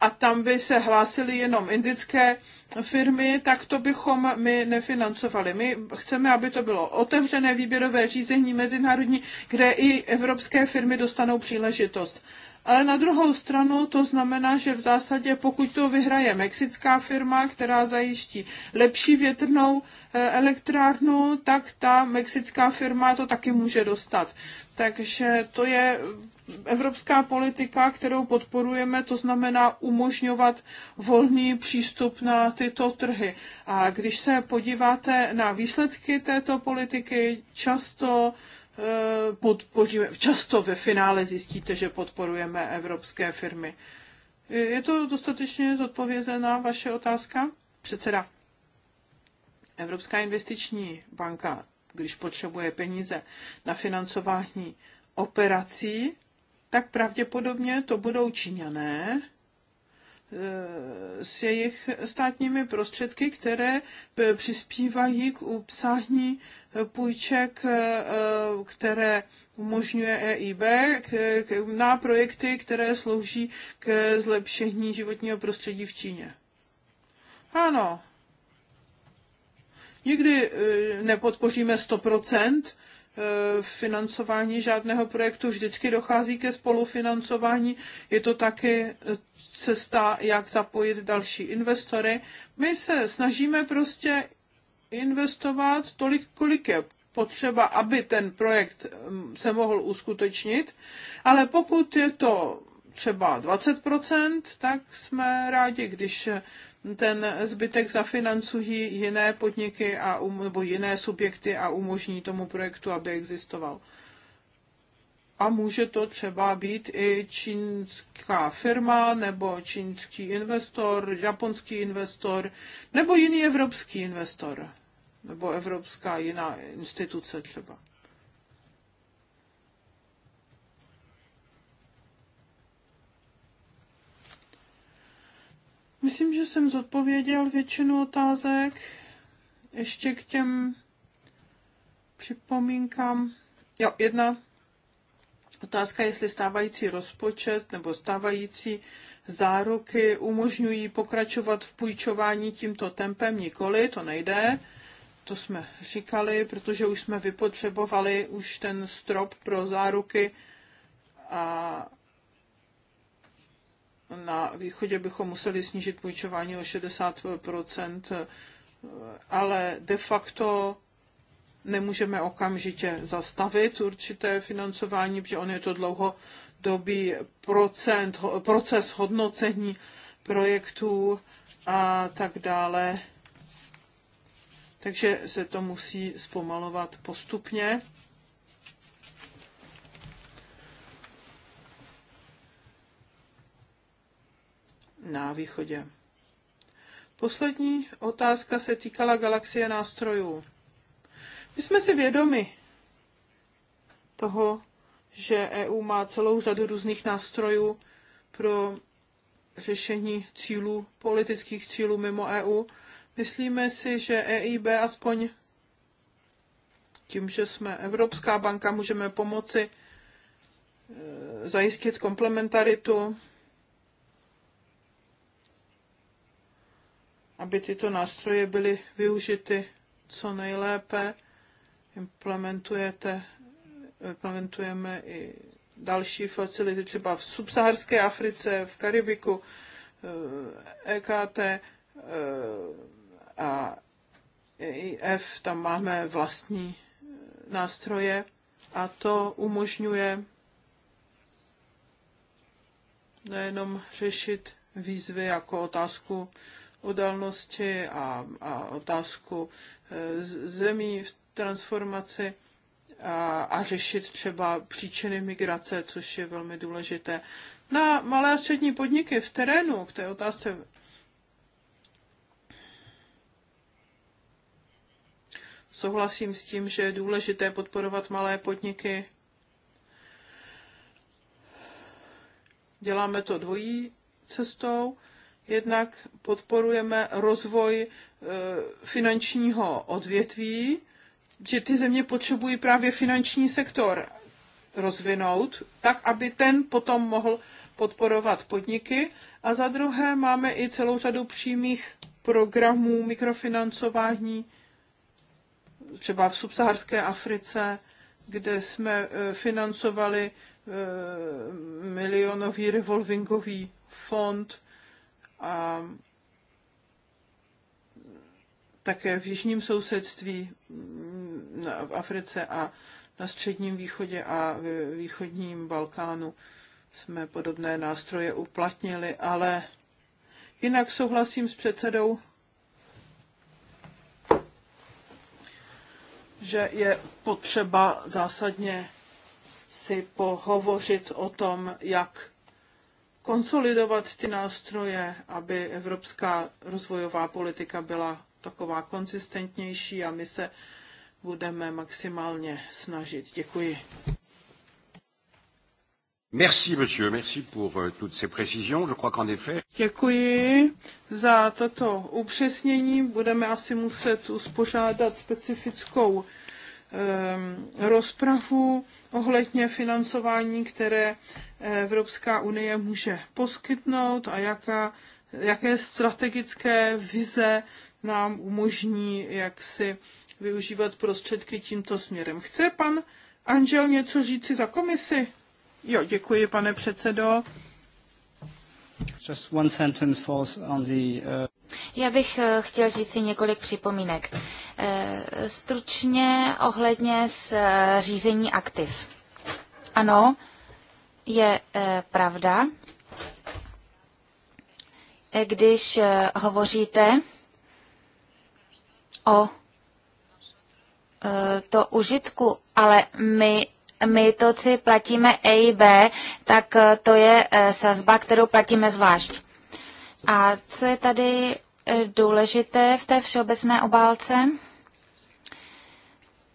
a tam by se hlásily jenom indické firmy, tak to bychom my nefinancovali. My chceme, aby to bylo otevřené výběrové řízení mezinárodní, kde i evropské firmy dostanou příležitost. Ale na druhou stranu to znamená, že v zásadě pokud to vyhraje mexická firma, která zajiští lepší větrnou eh, elektrárnu, tak ta mexická firma to taky může dostat. Takže to je Evropská politika, kterou podporujeme, to znamená umožňovat volný přístup na tyto trhy. A když se podíváte na výsledky této politiky, často eh, podpoříme, často ve finále zjistíte, že podporujeme evropské firmy. Je to dostatečně zodpovězená vaše otázka? Předseda. Evropská investiční banka, když potřebuje peníze na financování operací, tak pravděpodobně to budou Číňané eh, s jejich státními prostředky, které eh, přispívají k upsání eh, půjček, které umožňuje EIB na projekty, které slouží k zlepšení životního prostředí v Číně. Ano, nikdy nepodpoříme 100%, Eh, financování žádného projektu, vždycky dochází ke spolufinancování. Je to taky eh, cesta, jak zapojit další investory. My se snažíme prostě investovat tolik, kolik je potřeba, aby ten projekt mm, se mohl uskutečnit, ale pokud je to třeba 20%, tak jsme rádi, když ten zbytek zafinancují jiné podniky a, um, nebo jiné subjekty a umožní tomu projektu, aby existoval. A může to třeba být i čínská firma, nebo čínský investor, japonský investor, nebo jiný evropský investor, nebo evropská jiná instituce třeba. Myslím, že jsem zodpověděl většinu otázek. Ještě k těm připomínkám. Jo, jedna otázka, jestli stávající rozpočet nebo stávající záruky umožňují pokračovat v půjčování tímto tempem. Nikoli, to nejde. To jsme říkali, protože už jsme vypotřebovali už ten strop pro záruky a na východě bychom museli snížit půjčování o 60 ale de facto nemůžeme okamžitě zastavit určité financování, protože on je to dlouhodobý procent, proces hodnocení projektů a tak dále. Takže se to musí zpomalovat postupně. na východě. Poslední otázka se týkala galaxie nástrojů. My jsme si vědomi toho, že EU má celou řadu různých nástrojů pro řešení cílů, politických cílů mimo EU. Myslíme si, že EIB aspoň tím, že jsme Evropská banka, můžeme pomoci e, zajistit komplementaritu aby tyto nástroje byly využity co nejlépe. Implementujete, implementujeme i další facility, třeba v subsaharské Africe, v Karibiku, EKT eh, e eh, a EIF, tam máme vlastní eh, nástroje a to umožňuje nejenom řešit výzvy jako otázku odalnosti a, a otázku eh, zemí v transformaci a, a řešit třeba příčiny migrace, což je velmi důležité. Na malé a střední podniky v terénu k té otázce souhlasím s tím, že je důležité podporovat malé podniky. Děláme to dvojí cestou. Jednak podporujeme rozvoj e, finančního odvětví, že ty země potřebují právě finanční sektor rozvinout, tak aby ten potom mohl podporovat podniky. A za druhé máme i celou řadu přímých programů mikrofinancování, třeba v subsaharské Africe, kde jsme e, financovali e, milionový revolvingový fond a také v jižním sousedství mm, v Africe a na středním východě a východním Balkánu jsme podobné nástroje uplatnili, ale jinak souhlasím s předsedou, že je potřeba zásadně si pohovořit o tom, jak konsolidovat ty nástroje, aby evropská rozvojová politika byla taková konsistentnější a my se budeme maximálně snažit. Děkuji. Merci, monsieur. Merci pour euh, toutes ces précisions. Je crois qu'en effet... Děkuji za toto upřesnění. Budeme asi muset uspořádat specifickou um, rozpravu ohledně financování, které Evropská unie může poskytnout a jaká, jaké strategické vize nám umožní, jak si využívat prostředky tímto směrem. Chce pan Angel něco říci za komisi? Jo, děkuji, pane předsedo. Just one sentence falls on the, uh... Já bych eh, chtěl říct si několik připomínek. Eh, stručně ohledně s eh, řízení aktiv. Ano, je pravda, když hovoříte o to užitku, ale my my to, co platíme EIB, tak to je sazba, kterou platíme zvlášť. A co je tady e, důležité v té všeobecné obálce?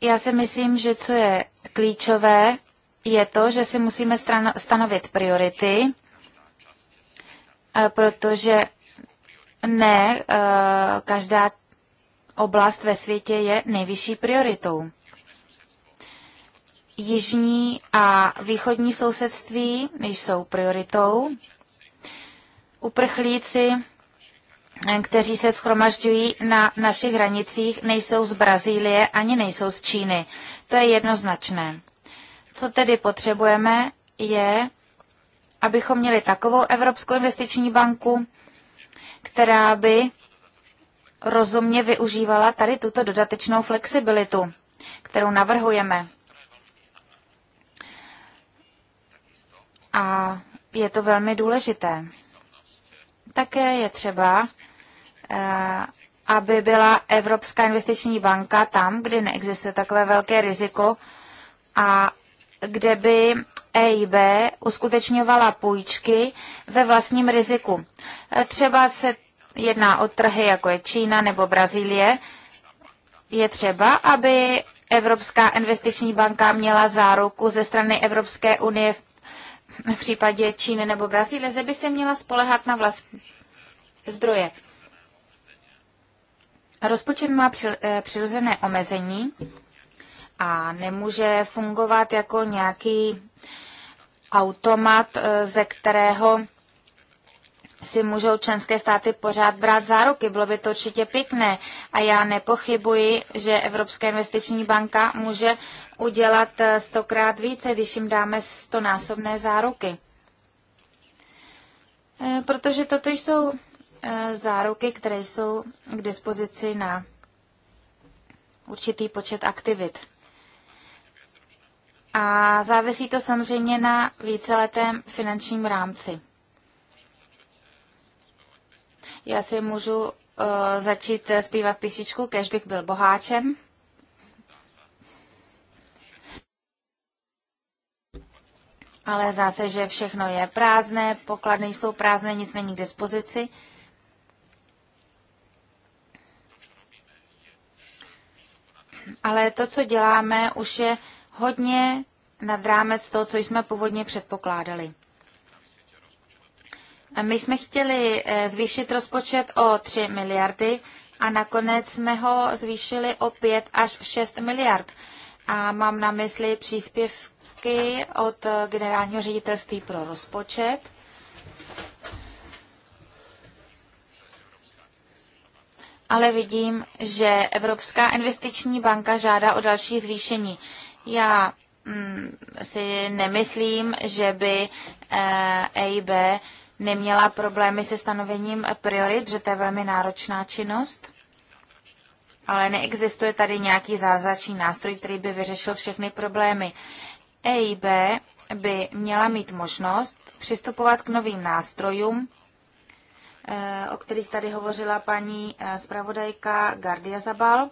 Já si myslím, že co je klíčové, je to, že si musíme stanovit priority, e, protože ne e, každá oblast ve světě je nejvyšší prioritou. Jižní a východní sousedství jsou prioritou Uprchlíci, eh, kteří se schromažďují na našich hranicích, nejsou z Brazílie ani nejsou z Číny. To je jednoznačné. Co tedy potřebujeme, je, abychom měli takovou Evropskou investiční banku, která by rozumně využívala tady tuto dodatečnou flexibilitu, kterou navrhujeme. A je to velmi důležité. Také je třeba, eh, aby byla Evropská investiční banka tam, kde neexistuje takové velké riziko a kde by EIB uskutečňovala půjčky ve vlastním riziku. Eh, třeba se jedná o trhy, jako je Čína nebo Brazílie. Je třeba, aby Evropská investiční banka měla záruku ze strany Evropské unie v v případě Číny nebo Brazílie, zde by se měla spolehat na vlastní zdroje. Rozpočet má eh, přirozené omezení a nemůže fungovat jako nějaký automat, eh, ze kterého si můžou členské státy pořád brát záruky. Bylo by to určitě pěkné. A já nepochybuji, že Evropská investiční banka může udělat eh, stokrát více, když jim dáme stonásobné záruky. Eh, protože toto jsou eh, záruky, které jsou k dispozici na určitý počet aktivit. A závisí to samozřejmě na víceletém finančním rámci. Já si můžu uh, začít eh, zpívat písničku, kež bych byl boháčem. Ale zdá se, že všechno je prázdné, pokladny jsou prázdné, nic není k dispozici. Ale to, co děláme, už je hodně nad rámec toho, co jsme původně předpokládali. My jsme chtěli eh, zvýšit rozpočet o 3 miliardy a nakonec jsme ho zvýšili o 5 až 6 miliard. A mám na mysli příspěvky od eh, generálního ředitelství pro rozpočet. Ale vidím, že Evropská investiční banka žádá o další zvýšení. Já mm, si nemyslím, že by EIB eh, neměla problémy se stanovením priorit, že to je velmi náročná činnost? Ale neexistuje tady nějaký zázračný nástroj, který by vyřešil všechny problémy. EIB by měla mít možnost přistupovat k novým nástrojům, eh, o kterých tady hovořila paní eh, zpravodajka Gardia Zabal.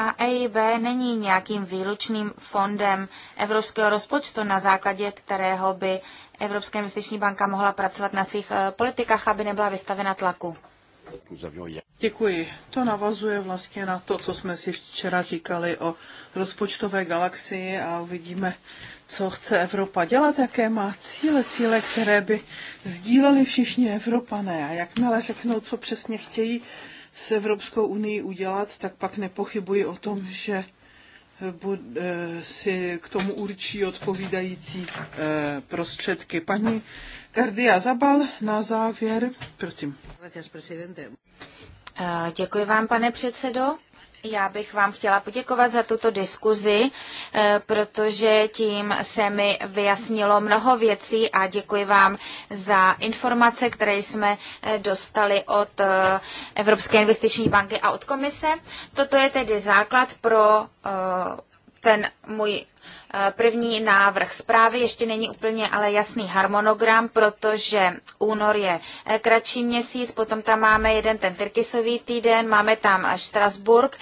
A EIV není nějakým výlučným fondem evropského rozpočtu, na základě kterého by Evropská investiční banka mohla pracovat na svých eh, politikách, aby nebyla vystavena tlaku. Děkuji. To navazuje vlastně na to, co jsme si včera říkali o rozpočtové galaxii a uvidíme, co chce Evropa dělat, jaké má cíle, cíle, které by sdíleli všichni Evropané. A jakmile řeknou, co přesně chtějí, s Evropskou unii udělat, tak pak nepochybuji o tom, že eh, si k tomu určí odpovídající eh, prostředky. Paní Gardia Zabal, na závěr, prosím. Eh, děkuji vám, pane předsedo. Já bych vám chtěla poděkovat za tuto diskuzi, eh, protože tím se mi vyjasnilo mnoho věcí a děkuji vám za informace, které jsme eh, dostali od eh, Evropské investiční banky a od komise. Toto je tedy základ pro ten můj Eh, první návrh zprávy ještě není úplně ale jasný harmonogram, protože únor je eh, kratší měsíc, potom tam máme jeden ten Tyrkisový týden, máme tam Štrasburg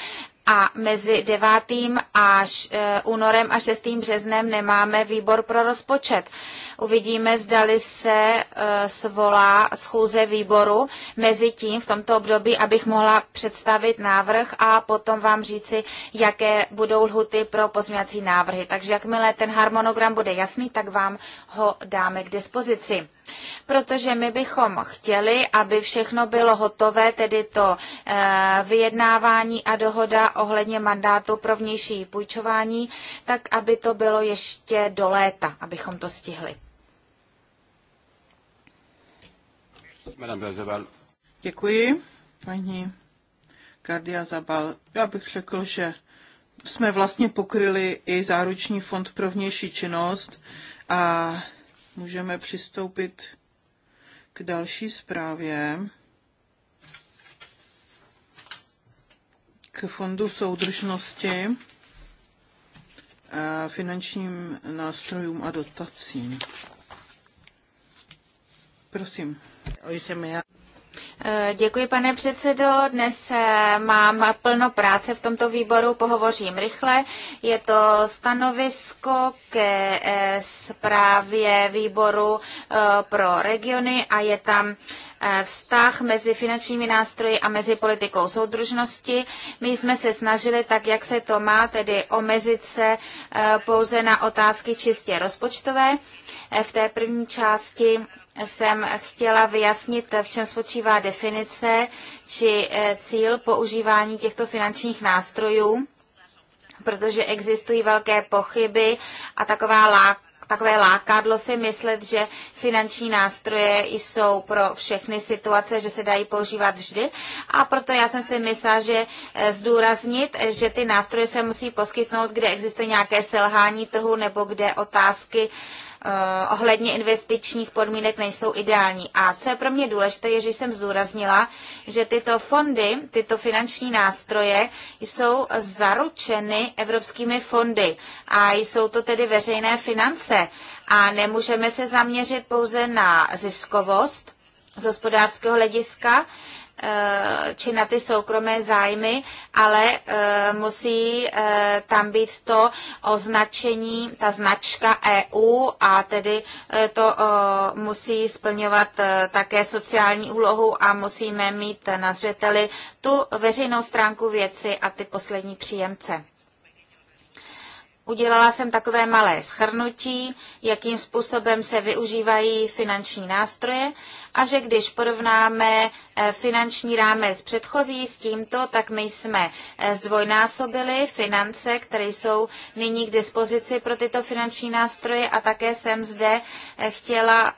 a mezi 9. až eh, únorem a 6. březnem nemáme výbor pro rozpočet. Uvidíme, zdali se eh, svolá schůze výboru mezi tím v tomto období, abych mohla představit návrh a potom vám říci, jaké budou lhuty pro pozměňovací návrhy. Takže jakmile ten harmonogram bude jasný, tak vám ho dáme k dispozici protože my bychom chtěli, aby všechno bylo hotové, tedy to eh, vyjednávání a dohoda ohledně mandátu pro vnější půjčování, tak aby to bylo ještě do léta, abychom to stihli. Děkuji, paní Gardia Zabal. Já bych řekl, že jsme vlastně pokryli i záruční fond pro vnější činnost a můžeme přistoupit k další zprávě. K fondu soudržnosti, a finančním nástrojům a dotacím. Prosím. Eh, děkuji, pane předsedo. Dnes eh, mám plno práce v tomto výboru, pohovořím rychle. Je to stanovisko ke eh, zprávě výboru pro regiony a je tam vztah mezi finančními nástroji a mezi politikou soudržnosti. My jsme se snažili, tak jak se to má, tedy omezit se pouze na otázky čistě rozpočtové. V té první části jsem chtěla vyjasnit, v čem spočívá definice či eh, cíl používání těchto finančních nástrojů, protože existují velké pochyby a taková láka takové lákadlo si myslet, že finanční nástroje jsou pro všechny situace, že se dají používat vždy. A proto já jsem si myslela, že eh, zdůraznit, že ty nástroje se musí poskytnout, kde existuje nějaké selhání trhu nebo kde otázky Eh, ohledně investičních podmínek nejsou ideální. A co je pro mě důležité, je, že jsem zdůraznila, že tyto fondy, tyto finanční nástroje jsou zaručeny evropskými fondy a jsou to tedy veřejné finance a nemůžeme se zaměřit pouze na ziskovost z hospodářského hlediska, Eh, či na ty soukromé zájmy, ale eh, musí eh, tam být to označení, ta značka EU a tedy to musí splňovat také sociální úlohu a musíme mít na zřeteli tu veřejnou stránku věci a ty poslední příjemce. Udělala jsem takové malé schrnutí, jakým způsobem se využívají finanční nástroje a že když porovnáme eh, finanční rámec předchozí s tímto, tak my jsme eh, zdvojnásobili finance, které jsou nyní k dispozici pro tyto finanční nástroje a také jsem zde eh, chtěla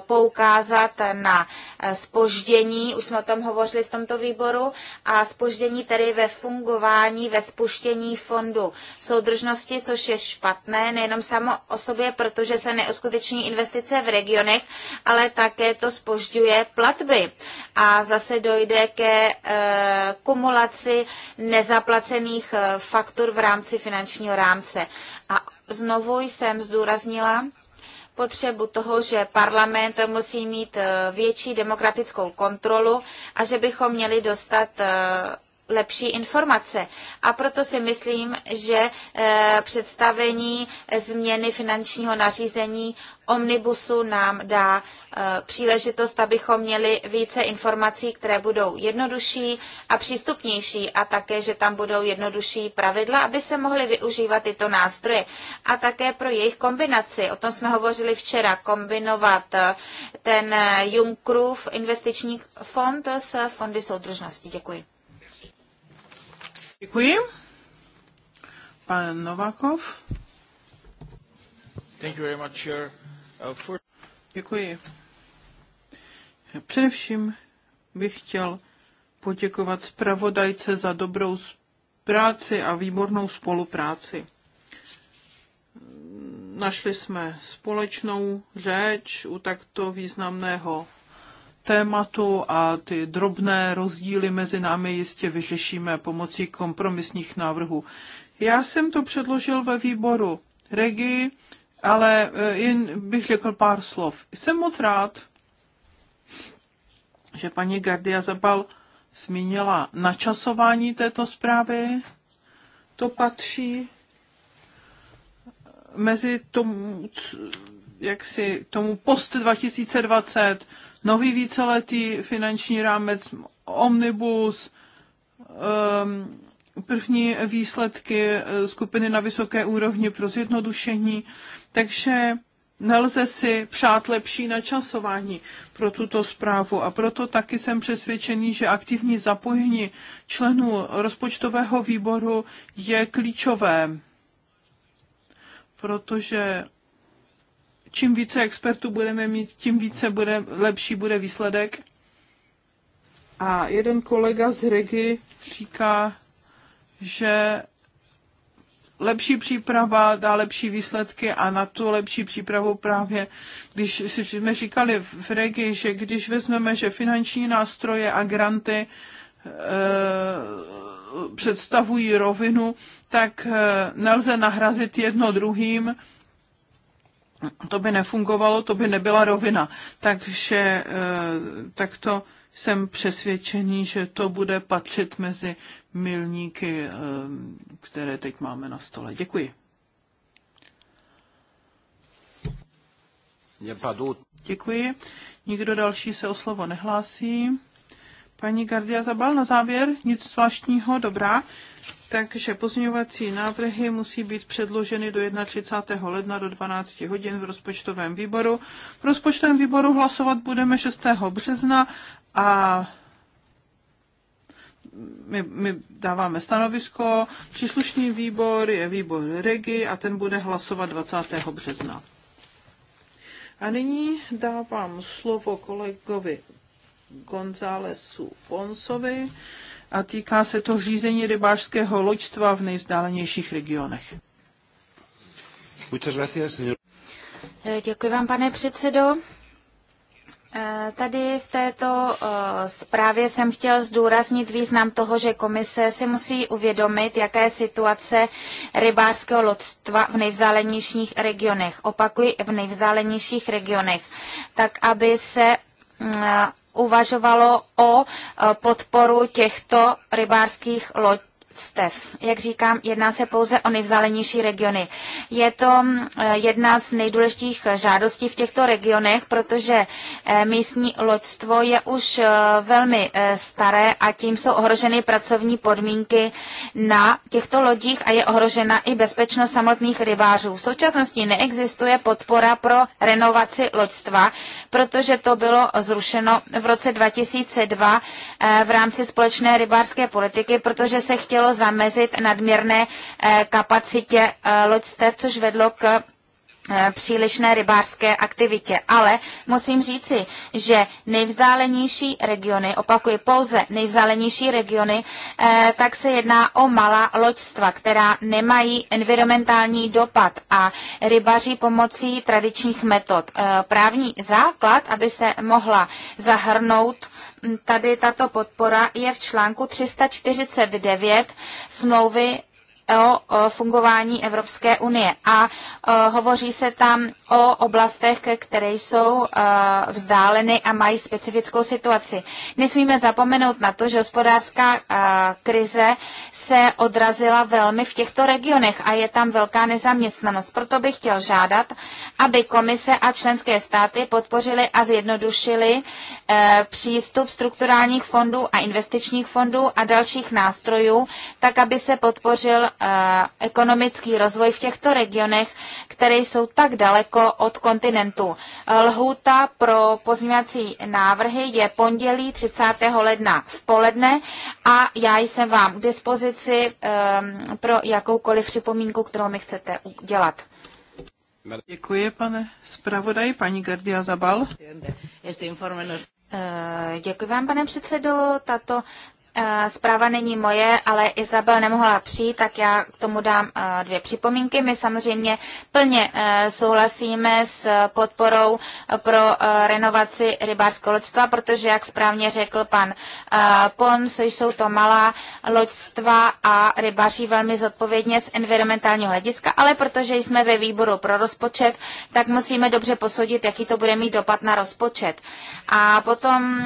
poukázat na spoždění, už jsme o tom hovořili v tomto výboru, a spoždění tedy ve fungování, ve spuštění fondu soudržnosti, co což je špatné nejenom samo o sobě, protože se neuskuteční investice v regionech, ale také to spožďuje platby. A zase dojde ke e, kumulaci nezaplacených e, faktur v rámci finančního rámce. A znovu jsem zdůraznila, potřebu toho, že parlament musí mít e, větší demokratickou kontrolu a že bychom měli dostat lepší informace. A proto si myslím, že eh, představení změny finančního nařízení omnibusu nám dá eh, příležitost, abychom měli více informací, které budou jednodušší a přístupnější a také, že tam budou jednodušší pravidla, aby se mohly využívat tyto nástroje a také pro jejich kombinaci. O tom jsme hovořili včera, kombinovat eh, ten Junkrův investiční fond s fondy soudržnosti. Děkuji. Děkuji. Pan Novakov. Thank you very much, Chair. Uh, Děkuji. Především bych chtěl poděkovat zpravodajce za dobrou práci a výbornou spolupráci. Našli jsme společnou řeč u takto významného tématu a ty drobné rozdíly mezi námi jistě vyřešíme pomocí kompromisních návrhů. Já jsem to předložil ve výboru Regi, ale eh, jen bych řekl pár slov. Jsem moc rád, že paní Gardia Zabal zmínila načasování této zprávy. To patří mezi tomu, jak si, tomu post 2020 nový víceletý finanční rámec, omnibus, um, první výsledky eh, skupiny na vysoké úrovni pro zjednodušení. Takže nelze si přát lepší načasování pro tuto zprávu a proto taky jsem přesvědčený, že aktivní zapojení členů rozpočtového výboru je klíčové, protože čím více expertů budeme mít, tím více bude, lepší bude výsledek. A jeden kolega z Regi říká, že lepší příprava dá lepší výsledky a na tu lepší přípravu právě, když jsme říkali v Regi, že když vezmeme, že finanční nástroje a granty e, představují rovinu, tak eh, nelze nahrazit jedno druhým to by nefungovalo, to by nebyla rovina. Takže eh, takto jsem přesvědčený, že to bude patřit mezi milníky, eh, které teď máme na stole. Děkuji. Děkuji. Nikdo další se o slovo nehlásí. Paní Gardia Zabal na závěr, nic zvláštního, dobrá takže pozměňovací návrhy musí být předloženy do 31. ledna do 12 hodin v rozpočtovém výboru. V rozpočtovém výboru hlasovat budeme 6. března a my, my dáváme stanovisko. Příslušný výbor je výbor Regi a ten bude hlasovat 20. března. A nyní dávám slovo kolegovi Gonzálesu Ponsovi, a týká se to řízení rybářského loďstva v nejzdálenějších regionech. Eh, děkuji vám, pane předsedo. Eh, tady v této eh, zprávě jsem chtěl zdůraznit význam toho, že komise si musí uvědomit, jaká je situace rybářského lodstva v nejvzdálenějších regionech. Opakuji, v nejvzdálenějších regionech. Tak, aby se mm, uvažovalo o e, podporu těchto rybářských lodí stev. Jak říkám, jedná se pouze o nejvzdálenější regiony. Je to mm, jedna z nejdůležitějších žádostí v těchto regionech, protože eh, místní loďstvo je už eh, velmi eh, staré a tím jsou ohroženy pracovní podmínky na těchto lodích a je ohrožena i bezpečnost samotných rybářů. V současnosti neexistuje podpora pro renovaci loďstva, protože to bylo zrušeno v roce 2002 v rámci společné rybářské politiky, protože se chtělo podařilo zamezit nadměrné eh, kapacitě eh, loďstev, což vedlo k eh, přílišné rybářské aktivitě. Ale musím říci, že nejvzdálenější regiony, opakuji pouze nejvzdálenější regiony, tak se jedná o malá loďstva, která nemají environmentální dopad a rybaří pomocí tradičních metod. Právní základ, aby se mohla zahrnout tady tato podpora je v článku 349 smlouvy o fungování Evropské unie a hovoří se tam o oblastech, které jsou vzdáleny a mají specifickou situaci. Nesmíme zapomenout na to, že hospodářská krize se odrazila velmi v těchto regionech a je tam velká nezaměstnanost. Proto bych chtěl žádat, aby komise a členské státy podpořily a zjednodušili přístup strukturálních fondů a investičních fondů a dalších nástrojů, tak aby se podpořil ekonomický rozvoj v těchto regionech, které jsou tak daleko od kontinentu. Lhůta pro pozměňovací návrhy je pondělí 30. ledna v poledne a já jsem vám k dispozici ehm, pro jakoukoliv připomínku, kterou mi chcete udělat. Děkuji, pane zpravodaj, paní Gardia Zabal. No- eh, děkuji vám, pane předsedo. Tato Eh, zpráva není moje, ale Izabel nemohla přijít, tak já k tomu dám eh, dvě připomínky. My samozřejmě plně eh, souhlasíme s podporou pro renovaci rybářského loďstva, protože, jak správně řekl pan Pons, jsou to malá loďstva a rybaří velmi zodpovědně z environmentálního hlediska, ale protože jsme ve výboru pro rozpočet, tak musíme dobře posoudit, jaký to bude mít dopad na rozpočet. A potom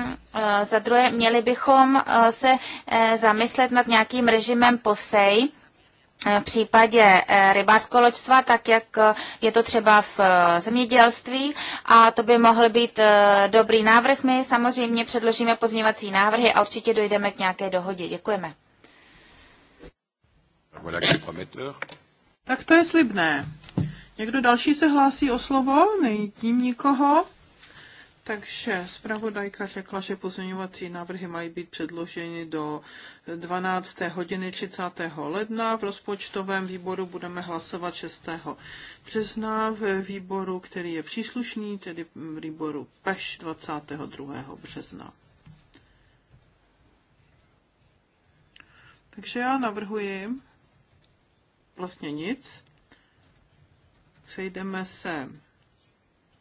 za druhé, měli bychom se Eh, zamyslet nad nějakým režimem posej, eh, v případě eh, rybářského loďstva, tak jak je to třeba v zemědělství a to by mohl být dobrý návrh. My samozřejmě předložíme pozměňovací návrhy a určitě dojdeme k nějaké dohodě. Děkujeme. Tak to je slibné. Někdo další se hlásí o slovo? Není tím nikoho. Takže zpravodajka řekla, že pozměňovací návrhy mají být předloženy do 12. hodiny 30. ledna. V rozpočtovém výboru budeme hlasovat 6. března v výboru, který je příslušný, tedy výboru PEŠ 22. března. Takže já navrhuji vlastně nic. Sejdeme se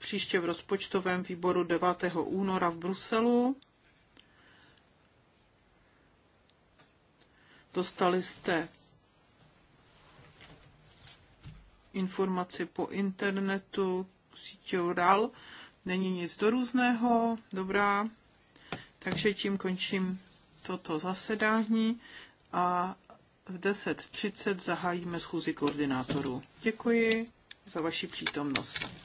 příště v rozpočtovém výboru 9. února v Bruselu. Dostali jste informaci po internetu sítě URAL. Není nic do různého, dobrá. Takže tím končím toto zasedání a v 10.30 zahájíme schůzi koordinátorů. Děkuji za vaši přítomnost.